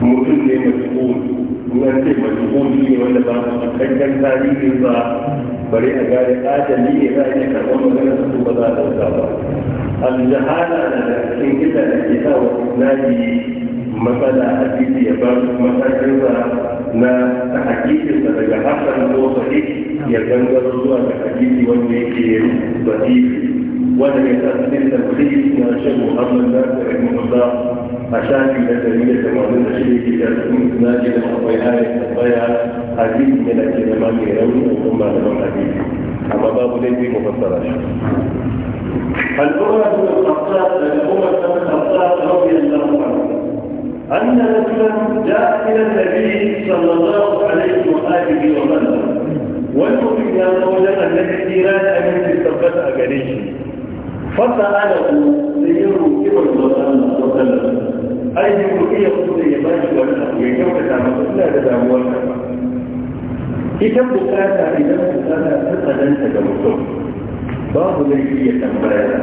mutum ne mai kuma ce mai kuma shi ne wanda ba a cikakken tarihin ba bari a gane ni ne za a iya karɓar maganar su ba za a ɗauka ba aljahala na da cikin illa da ke sa wa isnadi matsala a titi ya ba su matakinsa na ta hakikinsa daga hasan ko sahih ya gangaro zuwa ga hakiki wanda yake sahihi ولم يتأثر تبخير ما شبه أمر الناس علم الله مشاكل أدبية ومن الشيء إذا كنت ناجلا وبيعها يتبايع عزيز من الكلمات يرون ثم لهم الحديث أما باب ليس مفسرا الأمة بن الخطاب الأمة بن الخطاب رضي الله عنه أن رجلا جاء إلى النبي صلى الله عليه وآله وسلم والمؤمن يا مولانا الذي لا أمين تثبت أجريه فسأله سيره كبر الله وسلم أي يمكن يقول يا ماشي ولا يجوز تعمل لا تدعوا كتاب ثلاثة إذا ثلاثة ثقة أنت كمسلم بعض الجية تنبرنا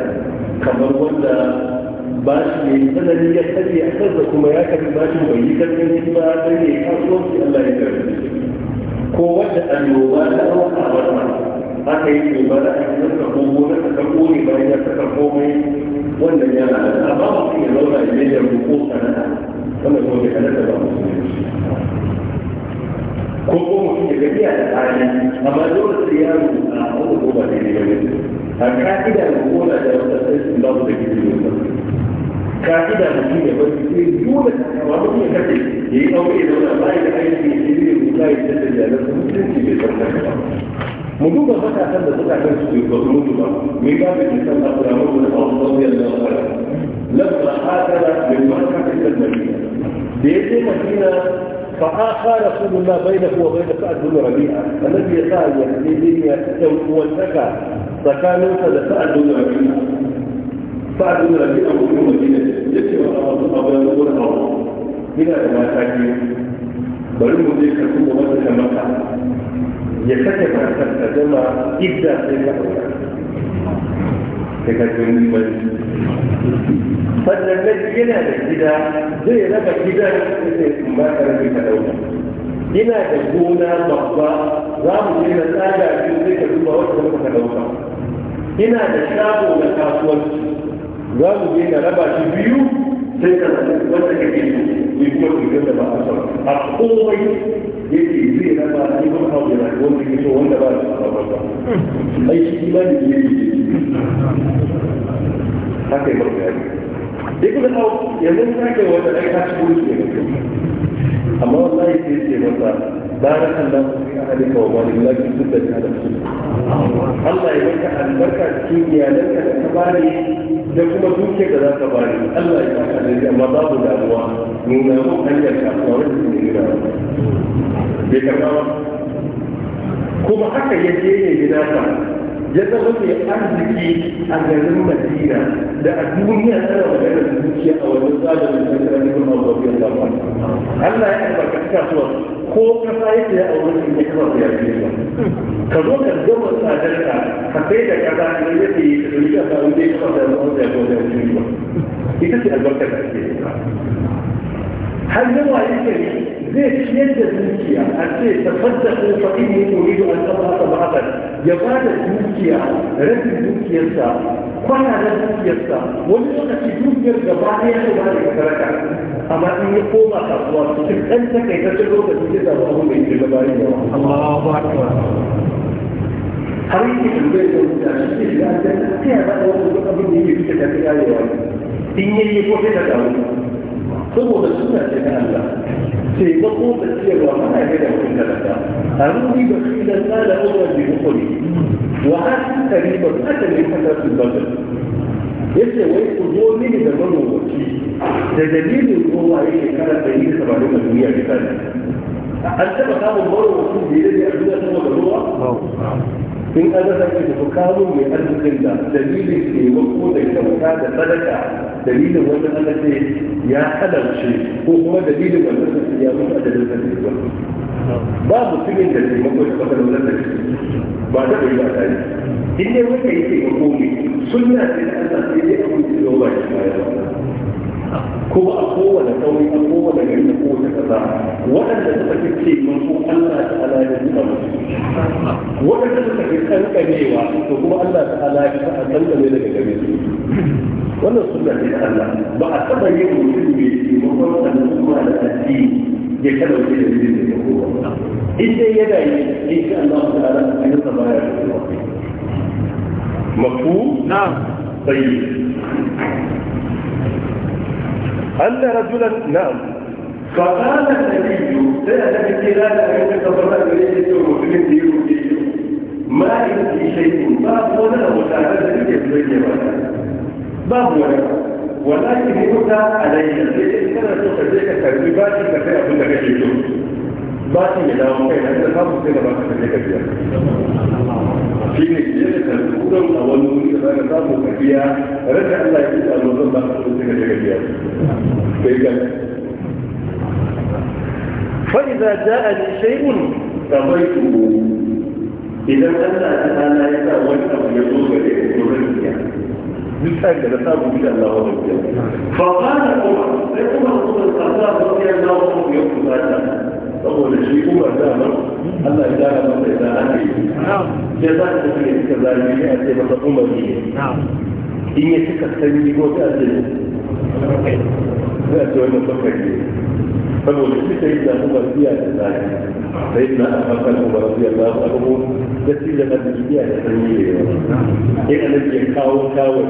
كما ولا باش يبدل يحتاج يحتاج كما ياكل باش ويجيك من ما عليه أصلا في الله يبارك قوة المبالاة وقوة أكيد مبالاة أن تكون تكون بين komai wannan yana da amma mutum ya zauna ko sana'a wanda kuma bai halatta ba ko ko mutum ya gajiya da tsari amma dole sai ya rubuta a ko ba daidai ba a ka'ida da da wata da ka'ida mutum ya bari sai dole ba mutum ya kace ya yi aure da wani bayan da aiki ya yi rubuta ya tattala da mutunci bai tsarkaka mu duba matasan da suka kai su ba su mutu ba me ga da kisan da kuma mutu da Allah radiyallahu anhu lamma hadara min makkah ila madina da yake madina فآخى رسول الله بينه وبين سعد بن ربيعة الذي يسأل يحديدين والزكاة فكان يسأل سعد بن ربيعة سعد بن ربيعة في مدينة يسأل أبو يقول الله إلى ما تاكي بل المدينة كما تكمل ya kashe matar ta zama idda sai ka aura sai ka ji wani bari sannan na yana da gida zai raba gida sai in kuma ka rabe ka ɗauka. ina da gona babba za mu je na tsada biyu sai ka duba wata muka ɗauka. ina da shago na kasuwanci za mu je na raba shi biyu sai ka wanda kake so ku yi kuma ku da ba a sauka a komai yake zai raba a ba ka da wanda ke so wanda ba da ba ai shi ba ne ne haka ba ka yi duk da hau yanzu ta kai wata ai ta cikin shi ne amma wallahi sai ce masa bayan Allah ku fi ahadi ka wa mali lafi duk da ta da su Allah ya baka albarka cikin iyalanka da ta bani da kuma dukiyar da za ka bari Allah ya saka da amma babu damuwa nuna mun hanyar kuma wani wanda ke gina bai karɓa ba kuma haka ya je ne gina ka ya zama mai arziki a garin Madina da a duniya tana magana da dukiya a wajen tsarin da ta kira da kuma Allah ya albarkaci kasuwa ko kasa yake ya aure shi ne kuma ya ba ka zo ka gama tsadarka ka sai da kaza ne ya ce ka yi ka samu ne kuma da wani da ya fi ita ce albarka da ake har yawa yake ne zai ciyar da dukiya a ce ta fadda ko fa in yi da an tsaba ta ba'atan ya ba da dukiya rabin dukiyarsa kwana da dukiyarsa wani lokaci dukiyar gaba ɗaya ta ba da saraka amma in ya koma kasuwa su ɗan takaitaccen lokaci ya samu abin da ya shiga yi da ta yaba da wasu duk da sai da saboda suna ce kan Allah sai ga ko da cewa mana ne da kun da ta haruni da shi da sala uwa bi ukuri wa an tariba kada ne kada su bazar yace wai ku zo mini da manowaci da dalilin kowa yake kada da yi da da duniya ta ne an taba samun marowacin da ya yi a duniya saboda ruwa in an rasa ki da kawo mai arzikin da dalilin taimako da kyauta da sadaka dalilin wannan ana ce ya halarci ko kuma dalilin wannan sassi ya mutu a dalilin sassi ba ba mutumin da taimako da kasar wannan da ba ta bai ba ta yi in dai wanda ya taimako ne sunna ce da Allah sai dai abin da ya zo ba shi ba kuma a kowane sauri, a kowane gari da kowace kasa waɗanda suka fi ce manzo Allah ta ala ya buɗa musu waɗanda suka fi kankanewa to kuma Allah ta ala ya sa a kankane daga gare su wannan suna ce Allah ba a taɓa yin mutum mai taimakon kuma da addini ya kada wani da zai da kowa in dai yana yi in shi Allah ta ala a yi sa baya da kowa mafu na bayyana أن رجلا نعم فقال النبي سألت لا أن تفرد إليه السرور من ديوتي ما عندي شيء باب ولا مساعدة في الدنيا باب ولا ولكن يؤتى علي الذي كان تخرجك ترتيبات كثيرة كنت كثيرة باتي من داوم كيف أنت تفهم سنة ما تخرجك فيها shi ne ke yadda ka rufe kudan wani wuri da zaka samu ka biya rashin Allah ya kisa zo ba ka kudin daga daga biya sai ka fa idza ja'a li shay'in tabaytu idan Allah ta tana ya sa wani abu ya zo ga dai ko ran biya duk sai da ta bu da Allah wa biya fa qala kuma sai kuma kuma ta ta ya zo ya kuma ta saboda shi kuma da nan Allah ya dara masa ya ake yi ya za ta tafi ya cika zalimi a ce masa umar ne in ya cika sanyi ko ta ce za a ce wani bakar ne saboda shi ta yi da kuma biya da zalimi sai na afirkan umar biya da abubu ta shi da kan biya da sanyi ne ya kawo kawo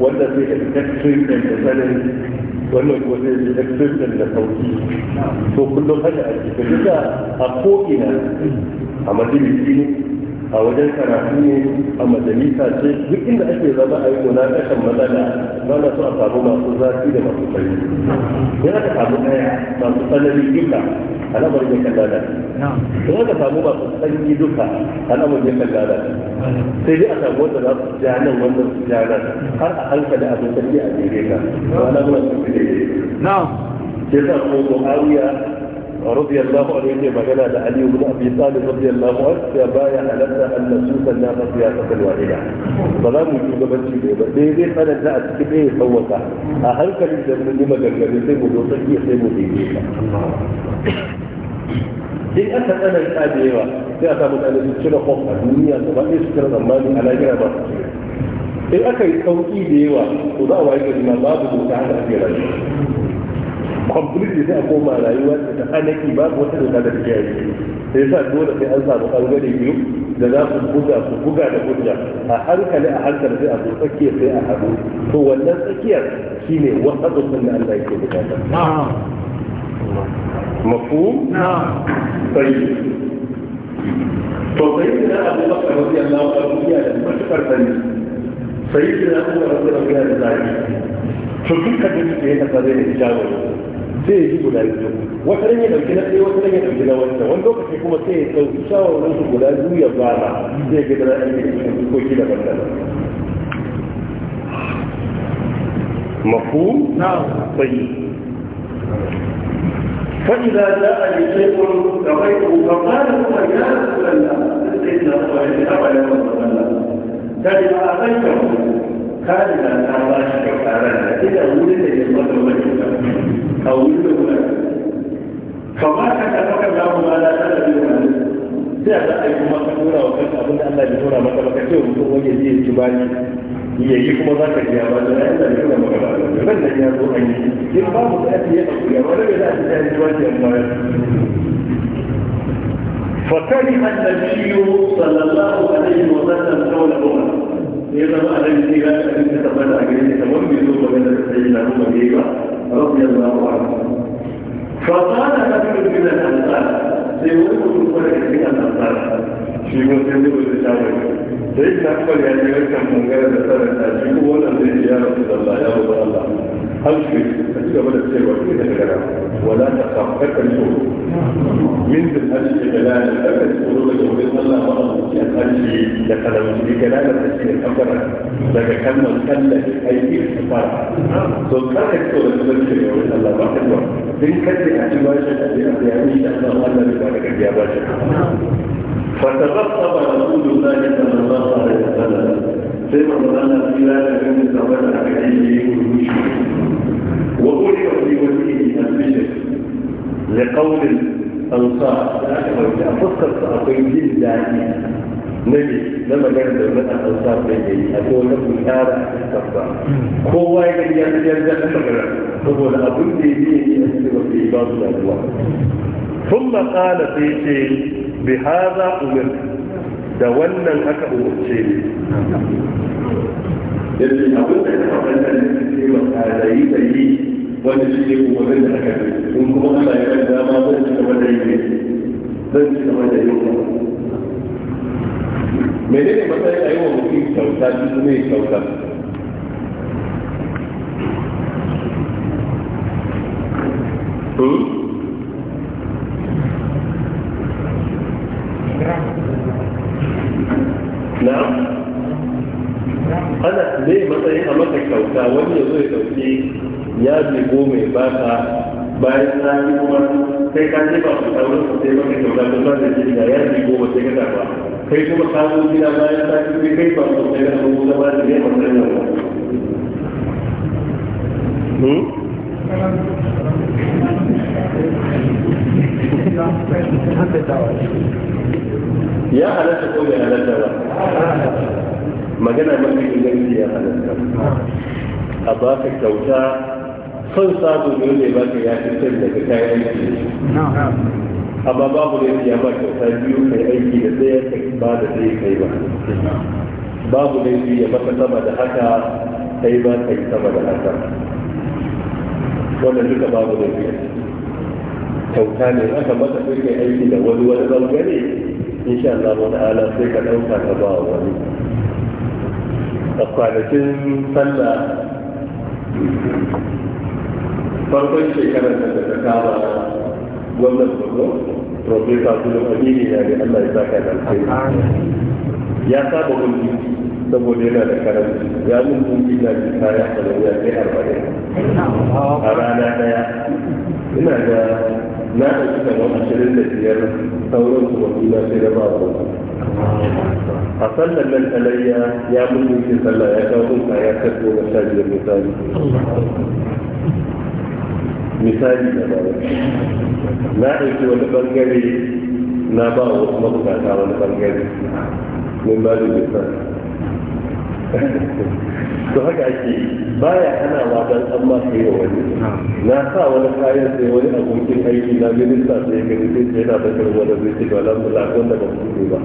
wanda zai ka fitar da sanin wannan ko zai yi da sauki to kullum haka a cikin duka a ko'ina a majalisi ne a wajen karatu ne a majalisa ce duk inda ake zama a yi kashin matsala ba na so a samu masu zafi da masu fari ya ka samu ɗaya masu tsanani duka alamar wajen kallada ya ka samu masu tsanani duka alamar wajen kallada sai dai a samu wanda za su ja nan wannan su ja nan har a hankali abin tafiya a jere ka ba na zuwa su ne na'am sai sa ko awiya. رضي الله عنه يجي مجانا لعلي بن أبي طالب رضي الله عنه يا بايع لنا أن نسوس الناس سياسة واحدة ظلام وجود بنتي بيبا دي دي أنا لا أتكب إيه أهل كلمة من لما جنجا بيسيبو دوسكي يسيبو دي إيوه. دي duk an san ana ta da yawa sai a samu tsanani cire kof a duniya da baɗe su kira zamani a lafiya ba in aka yi sauƙi da yawa to za da sai a koma rayuwa ta ta anaki babu wata doka da take yi sai sa dole sai an samu bangare biyu da za ku buga ku buga da hujja a hankali a hankali sai a zo tsakiya sai a haɗu to wannan tsakiyar ne wata dokan da Allah yake bukata مفهوم نعم طيب فسيدنا ابو بكر رضي الله عنه يا المشكر بني سيدنا ابو بكر رضي الله عنه yi كنت هنا قبل الجاوب zai yi guda biyu wata ran ya gina na ɗaya wata ran ya na wanda wani lokaci kuma sai ya dauki shawarar su guda biyu ya fara zai ga da ran da ko shi da banda mafhum da, tayyib فإذا جاء شيء رأيته فقال هو يا رسول الله سيدنا صلى الله عليه وسلم كان أعطيته كان لا da شيء da ولد da وجهك أو مثل هناك فما كتبك الله ما لا تعلم sai a za a yi kuma ka tura wa kanka abin da Allah ya tura maka baka ce mutum wani zai yi tubani ya yi kuma za ka biya ba don Allah ya tura maka ba ran da ya zo an yi in ba mu da ya ya wani da za a ta yi tubani an bayar فكره النبي صلى الله عليه وسلم قول عمر إذا ما أدري إذا أنت تبدأ أجريتك ومن يزور من السيدة عمر رضي الله عنه فقال رجل من الأنصار سيقول لك من الأنصار shi ko sai zai wuce shafi sai ta kwal ya ji wancan da sarrafa shi ko wannan zai ji ya da Allah ya rasu Allah har shi ta ci gaba da cewa shi da gara wala ta kafar kan so min da lana da kan tsoro daga wurin Allah ba a zuciyar harshe da kalauci da lana ta ce da kafara daga kalmar tallafi aiki da fara so kada ki da Allah ba din kace a ci bashi a ji a yayi da Allah ba da فتغطب رسول الله صلى الله عليه وسلم ثم سمع ان الخلاف بين الزمان العلمي والمشرك وغلب في وجهه المشرك لقول الانصار افكر في الدين الداعي نبي لما كان زمان الانصار بيجي اقول لك الشارع تستقبل هو اللي يرجع يرجع هو الابن دي دي في باب الله ثم قال في شيء bi hadha umir da wannan aka umurce ne yadda abin da ya faɗa da ne ba da yi da yi wani shi ne umarnin da aka yi in kuma Allah ya yarda ma zan ci gaba da yi zan ci gaba da yi menene matsayin a yi wa mutum kyauta shi ne kyauta Hmm? zaɓi ko mai baka bayan na yi kuma sai ka ce ba ku tsawon su sai maka kyauta don ba da jini ga yaji sai ka zaɓa kai kuma ka zo gida bayan ta ci kai ba ku sai ka zo gida ba da ne ba sai ka hmm? ya halatta ko bai halatta ba magana mafi inganci ya halatta a ba ka kyauta son samu ne wanda ya baka ya fi son daga kayan aiki amma babu ne ya baka ta biyu kai aiki da ɗaya ka ba da ɗaya kai ba babu ne ya baka sama da haka kai ba kai sama da haka wannan duka babu ne kyauta ne aka maka sai kai aiki da wani wani bangare insha Allah wa ta'ala sai ka ɗauka ka ba wani a kwanakin sallah farkon shekarar da ta kama gwamnan borno profesa sunan amini ya ne allah ya saka da alheri ya saba mulki saboda yana da karanci ya mun mulki na ji kaya a ya kai arba'in a rana daya ina da na ɗauki kamar ashirin da biyar sauran kuma suna sai da ba a sallar nan alayya ya mun mulki sallah ya kawo kaya ta goma sha biyar misali misali da ba na ɗauki wani bangare na ba wa wasu mabukata wani bangare min ba da to haka ake baya hana wa dan an ma kai wani na sa wani kayan sai wani abokin aiki na minista sai ga gani sai yana da bakar wanda zai ce wala mu lakon da ba mu ba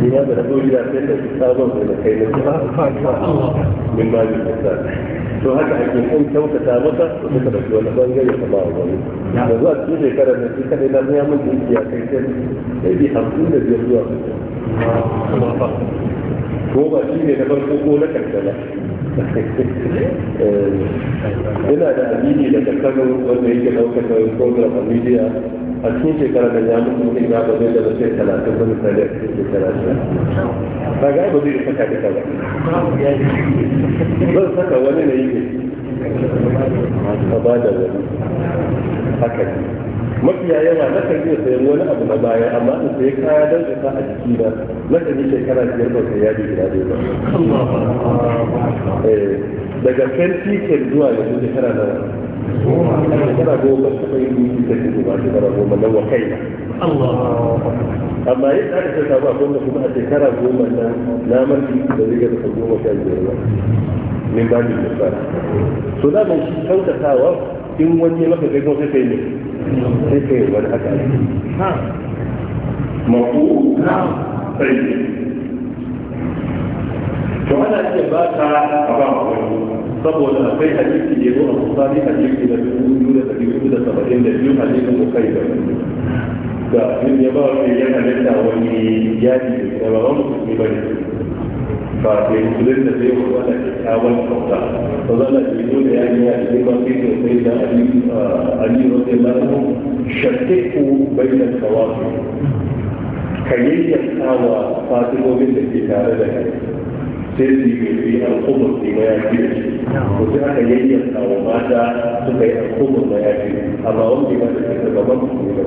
ni ya da dole ya sai da sabon da kai na min ba ni ta to haka ake kun kyautata maka da suka da wani bangare ta ba wani da zuwa cikin shekarar ne shi kadai na ya mun ya kai sai sai bi hamsin da biyar zuwa ko ba shi ne na farko ko na karshe eh, ina da amini daga kano wanda yake daukar nauyin program a media a cikin shekara da ya mutu mutum ya bazai da rashin talatin ba misali a cikin shekara shi ba ga ba zai saka duka ba zan saka wani na yi ne a ba da wani haka ne mafiya yawa na kan iya sayan wani abu na baya amma in sai kaya don su sa a jiki ba na kan yi shekara biyar ba sai yaji guda ɗaya ba daga kan 2010 zuwa yanzu shekara na shekara goma kuma yi yi ta shi ba shekara goma na wakai na amma yadda aka sai samu a goma kuma a shekara goma na namar da zai ga da goma sha biyar ba min ba ni da ba so da mun kyautatawa in wani maka zai gaggawa sai ne sai kai wani haka ne ha mafu sai to ana ce ba ta a ba wani saboda akwai hadisi da yau a musali hadisi da dubu da dubu da saba'in da biyu hadisin bukai da ga yin yaba wani yana da wani yadi da ba wani musulmi ba ne ba ke musulun da zai kuma da kyakkyawan kyauta to zana ke nuna ya yi a ce ba ke sosai da ali wasu lalu shakku bai da kawasu ka yi kyakkyawa fatimomin da ke tare da kai sai su yi yi al'ummar su ma ya da shi ko sai aka yayyanka wa mata suka yi al'ummar ma ya amma wanda ya mata ke gaban su ne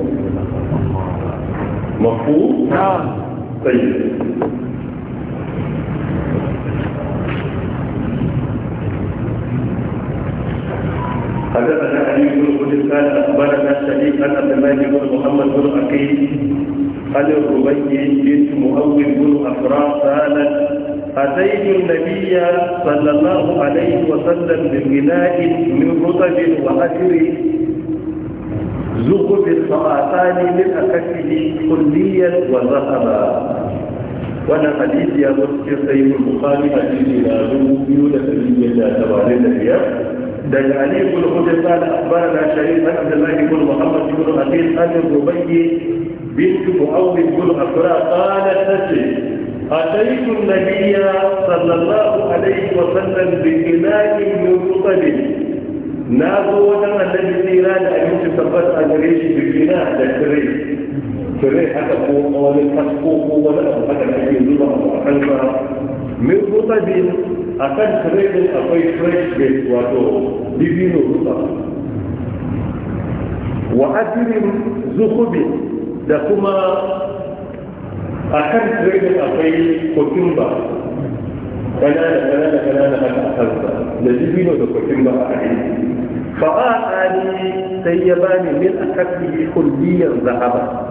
mafu sai حدثنا علي بن خلف كان اخبرنا سليم ان عبد الله بن محمد بن عقيل عن الربيع بنت مؤول بن افراح قالت أتيت النبي صلى الله عليه وسلم بغناء من رطب وحجر زخب الخراسان من أكفه كليا وذهبا وانا حديث يا مسجد سيد البخاري حديث الى يولد في الجنه تبارك الله دل العلي يقول خذ قال أخبرنا شريف عن عبد الله بن محمد يقول أخير أن الربيع بنت مؤوب بن أفراء قالت تسري أتيت النبي صلى الله عليه وسلم بإناء من رطب نابو ولم الذي سيران أن يتثبت أجريش بالإناء لسري سري حتى فوق ولم تسقوه ولم حتى في ذرة وحلمة من رطب a kan kiretin akwai fresh grade wato bibino rufa wa ajirin zuhubi da kuma a kan kiretin akwai kokumba kanana kanana kanana haka a kansa da bibino da kokumba a ainihi fa'a ali sai ya bani min a kafi kulliyar zahaba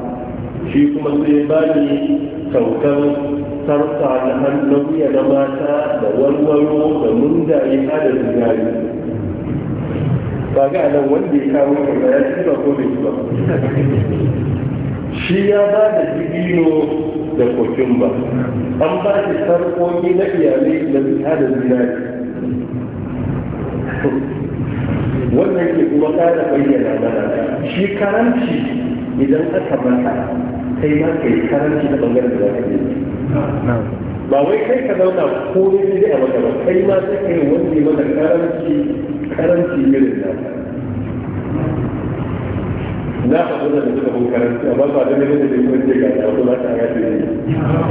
shi kuma sai bani kyautar sarfa na hannun ya na mata da warwaro da mundaye ha da zinari ba ga nan wanda ya kawo kyauta ya ci ba ko bai ba shi ya ba da dibino da kokin ba an ba shi sarkoki na iyalai da zinari da zinari wannan ke kuma kada bayyana mana shi karanci idan aka mata kai ma ka yi karanci na bangaren da za ka yi ba wai kai ka zauna ko ne sai a maka ba kai ma sai kai wanda ya maka karanci karanci irin na na a zuwa da suka karanci amma ba da ne da ne kuma ce ga da wasu ba ta gaji ne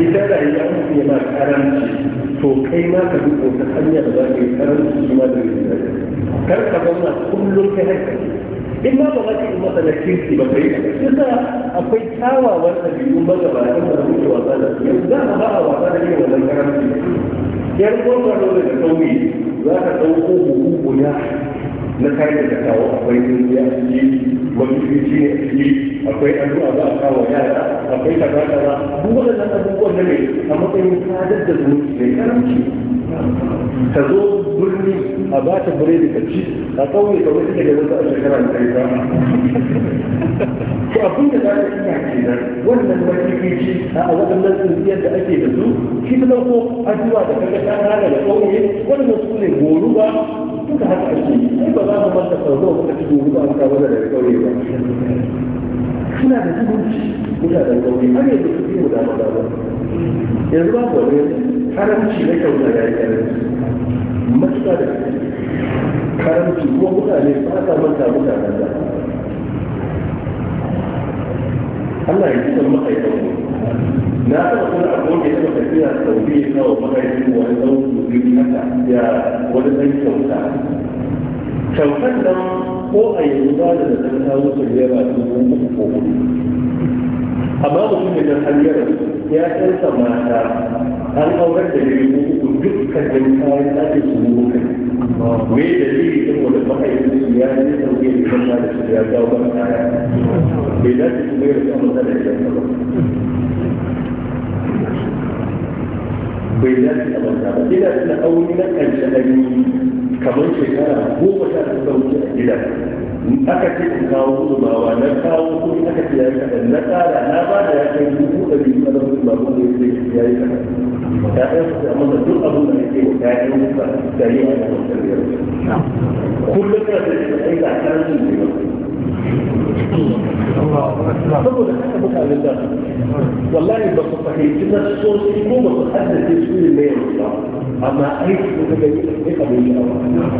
ita da ya mutu ya ma karanci to kai ma ka duk wata hanya da za ka yi karanci shi ma da ne kar ka zauna kullum kai haka in ma ba za in masa na kirki ba kai yasa akwai kyawawan ɗabi'un magabatan da suke wasa da su yanzu za a ba a wasa da irin wannan karanci yar gwamnati da kauye za ka ɗauko buhu guda na kayan da kawo akwai jirgi a ciki wani shi ne shi akwai addu'a za a kawo yara akwai kaza duk waɗannan abubuwan da ne a matsayin sadar da zuci mai karanci ka zo birni a ba ta biredi ka ci a kawai ka wani daga wata a shekara da ta to abin da za ka iya ke nan wannan mafifici a waɗannan tsintsiyar da ake da su shi ta ko addu'a da kaga ta hana da ƙauye wannan su ne goruba duka haka ake yi sai ba za mu manta tsaro muka ci dubu ba ka wanda da kauye ba suna da zumunci mutanen kauye ne, yanzu su biyu da maza ba yanzu ba ku ne karanci na kyauta ya yi karanci matuƙa da karanci kuma mutane ba sa manta mutanen da Allah ya ji da ma'aikatan na taɓa kuma abokin da tafiya sau biyu kawo mahaifin wani sauki biyu haka ya wani ɗan kyauta kyautar nan ko a yanzu ba da ta kawo su da yawa su ko uku ko hudu amma mutum da nan hanyar ya canza mata an aurar da ne ko uku dukkan da kayan tsarin su ne mutum me da zai saboda mahaifin su ya yi sauke da kan da su ya kawo ba kaya bai dace su mai da kamar da ya ba bai dace a manta ba ina na ƙarshe na yi kamar shekara goma sha ta suka wuce a gida aka ce in kawo gudunmawa na kawo kuɗi aka ce yayi kaɗan na tsara na ba da ya kai dubu da biyu na zama ba kuma ya ce yayi kaɗan ya'yan su da masa duk abin da ake wa ya'yan su da yi a yankin kullum kana da shi aika a kan su والله بس صحيح كنا تكون متحدث في سبيل أما أي شيء متجيب إيه قبل الله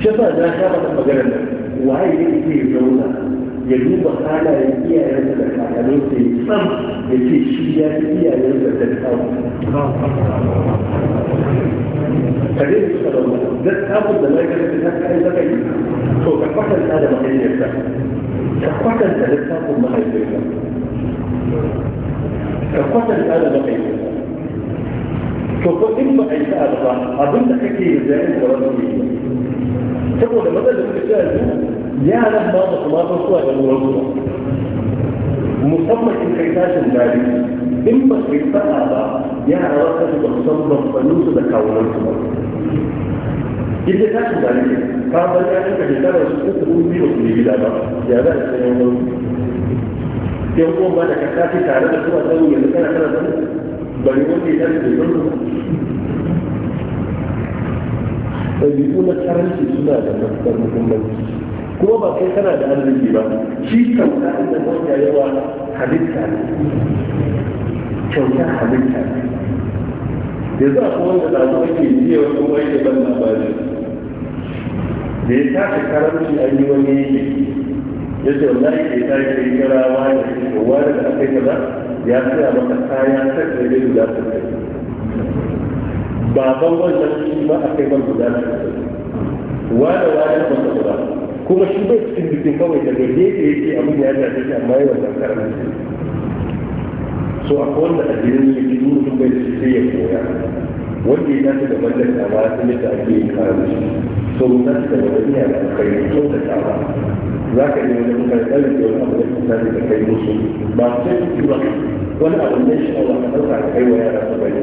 شفا ده شابة المجرد وهي دي كتير جوزة ya duba halayen iyayensa da kakannin sai sam ya ce shi ya fi iyayensa da tsawo kare su ka zama da tsawon da na gari ta kai zaka yi to ka kwatanta da mahaifiyarsa ka kwatanta da tsawon mahaifiyarsa ka kwatanta da mahaifiyarsa to ko in ba a yi sa'a ba abinda kake yi da yayin da wani ne saboda matsalar da kake yi yaran ba su kuma san suna da ruwan su musamman in kai tashin dare in ba kai sa'a ba yara wata su ba san babbanin su da kawunan su ba in dai tashin dare ne ka bar yaran ka shekarar su uku ko biyu ba su yi gida ba ya za a san yawan yan uwan ba da ka tafi tare da su a sanin yanzu kana kana sanin bari wanda ya tashi da yanzu ɗabi'u na karanci suna da matuƙar muhimmanci kuma ba kai kana da arziki ba shi kan kyauta inda wanda yawa halitta kyauta halitta ne yanzu a kuma da na zo ake jiya wani kuma yake ban labari da ya tashi karanci an yi wani yake ya ce wanda ya ake tashi ya kira wani da wani da aka yi kaza ya tsaya maka kaya ta da ya guda ta kai baban wannan shi ba a kai ban guda ta kai wani wani ba ta guda kuma shi bai cikin jikin kawai daga gefe ya ce abin ya shafe shi amma yawan da karanta so a wanda addinin su yi sun bai da sai ya koya wanda ya tashi da mallan da ba ta yadda ake yin shi so mun tashi da wani ya da kai ne kyau da tsawa za ka yi wani mutane tsarin da wani abu da kuma tashi da kai musu ba su yi ba wani abu da shi a ka ɗauka ka kai wa yara su bane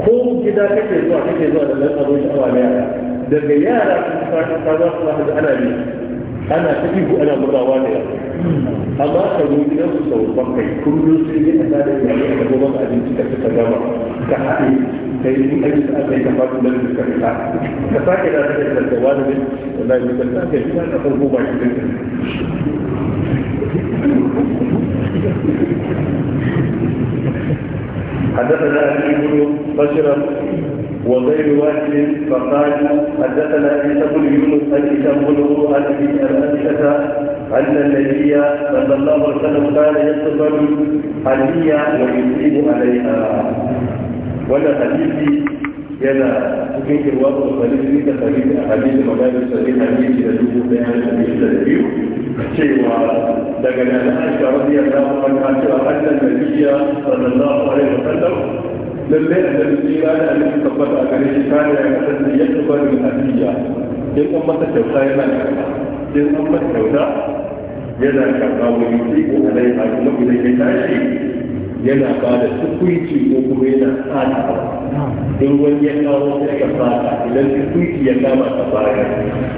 ko gida kake zuwa kake zuwa da ɗan abin sha'awa na yara daga yara sun sake kaza su za da ana ne ana ta ihu ana murawa da yara amma ka zo gidan su sau bakwai kullum sai ne a sada da yara ka goma abinci ka suka gama ka haɗe ka yi in aji da aka yi ka fasu da ka fita ka sake da ta yi da gawa da ne da yi ka sake yi ka farko ba shi da حدثنا ابي بن بشرا وغير واحد فقال حدثنا عيسى بن يونس ان تقول ان الاسئله ان النبي صلى الله عليه وسلم كان يصف الحية ويصيب عليها ولا حديثي يلا تكون في الوقت الخليج في تخليج ولا مدارس في حديث يجوز بها الحديث الذي شيء لكن انا عائشه رضي الله عنها ان النبي صلى الله عليه وسلم lallai a jami sai ya da alifin tabbata a gare shi kare ya kasance ya tuba da hadiyya in an masa kyauta yana karɓa in an masa kyauta yana karɓa wani tsiko a nai a kuma idan ya tashi yana ba da tukuici ko kuma yana tsada in wani ya kawo sai ka fata idan tukuici ya kama ka baya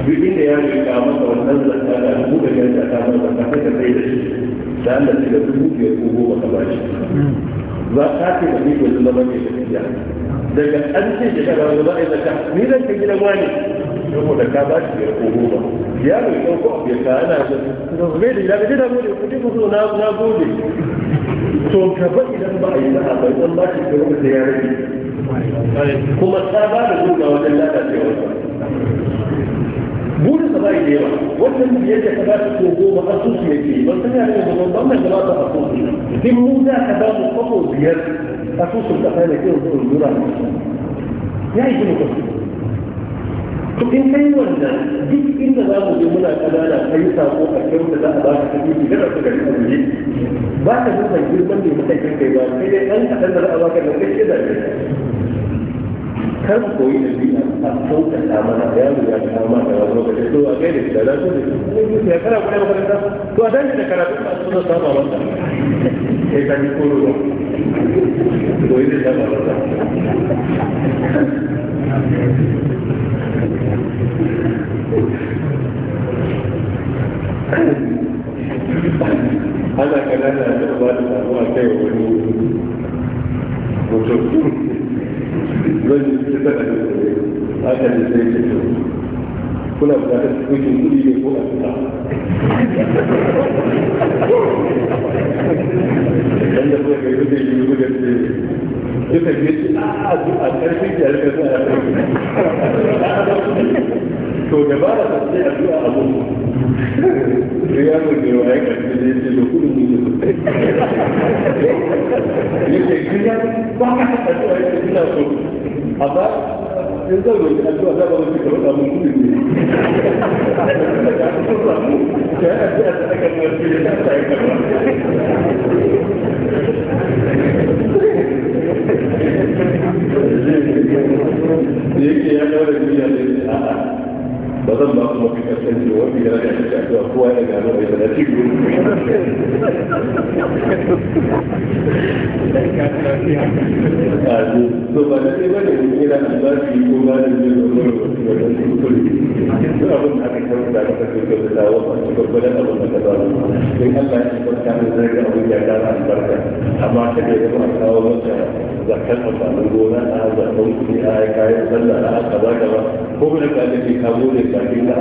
duk inda ya rika masa wannan zakka da dubu da da ta masa ka sai da shi da Allah sai da dubu biyar ko goma ka shi. ba ka ce da ni gudun da mace da gajiya daga an ce da kada wani ba'a zaka ni zan ka gidan wani saboda ka ba shi biyar ko goma ya mai ɗauko a biyar ka ana da zai da gidan gidan gode kuɗi ku so na gode to ka ba idan ba a yi ba idan ba shi biyar da ya rage kuma ta ba da gudun wajen lalacewa burin sa bai da yawa wannan biyar da ka ba ta ko goma a su ya ce ban san ya ce ba ban nan gaba ta ko in mu za ka ba mu biyar a su sun kasa ne kiran su lura ya yi gina kwasu to in kai wannan duk inda za mu je muna kanana kai sako a kyau da za a ba ka kaji ki gara su gari kuma ba ka nuna girman da mutum kai ba sai dai ɗan kaɗan da za a ba ka da kai ke da kan koyi da biya a sauka ta mana yaro ya ta ma da wani lokaci to a gaida da lafiya da shi ya kara kuma makaranta to a dan da karatu a suna sama wata sai ta yi koro ba koyi da sama wata ana kanana da ba da samu a kai wani mutum wai da suke saka da haka ne sai ce to kuna bukatar cikin kuɗi ne ko a fita dan da kuma kai kuɗi ne ko da ce duka ne ah, ce a a ƙarfin da rika sa to da ba da sai a zuwa abu sai ya zo ne wa ya ƙarfi ne ce da kuɗi ne ne ce kiyar ba ka taɓa zuwa ya ce ina so amma in zan roƙi addu'a ta daga mafi da ta sa yi ba zan ba kuma fi karshen ce wanda da rage shi cewa kowa ya gano mai da ci gudu a so ba da sai ba ne yana ko ba da da duk abin da aka kawo da a cikin gwada abin da ka Allah ya shi kwanta ya kara albarka amma ka da yawa kawo gona a zakar kuɗi a kayan a kaza kaza ko kuma ka da ke kawo da kafin da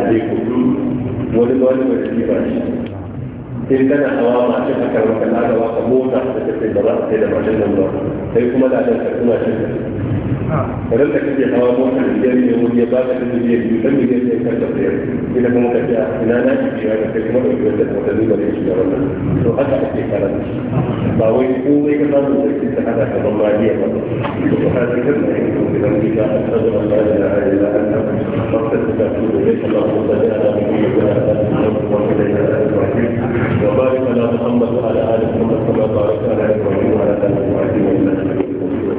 ba ba ba sai kuma da ɗan ka idan da kake hawa mota da biyar ne wuri ya ba ka da biyar biyu dan biyar sai ka tafiya ina kuma ka ta ina na ki biya da kai kuma da biyar da mota ne ba da shi da wannan to haka ake karanta ba wai komai ka samu da ki ta hada ka ban ba biya ba to ka ji kan da ke da kan da ka ta da Allah da Allah da Allah fakta da ka da ya Allah ko da ya da mu da da wa da ya da wa barik ala Muhammad wa ala ali Muhammad kama barakta ala Ibrahim wa ala ali Ibrahim innaka Hamidum Majid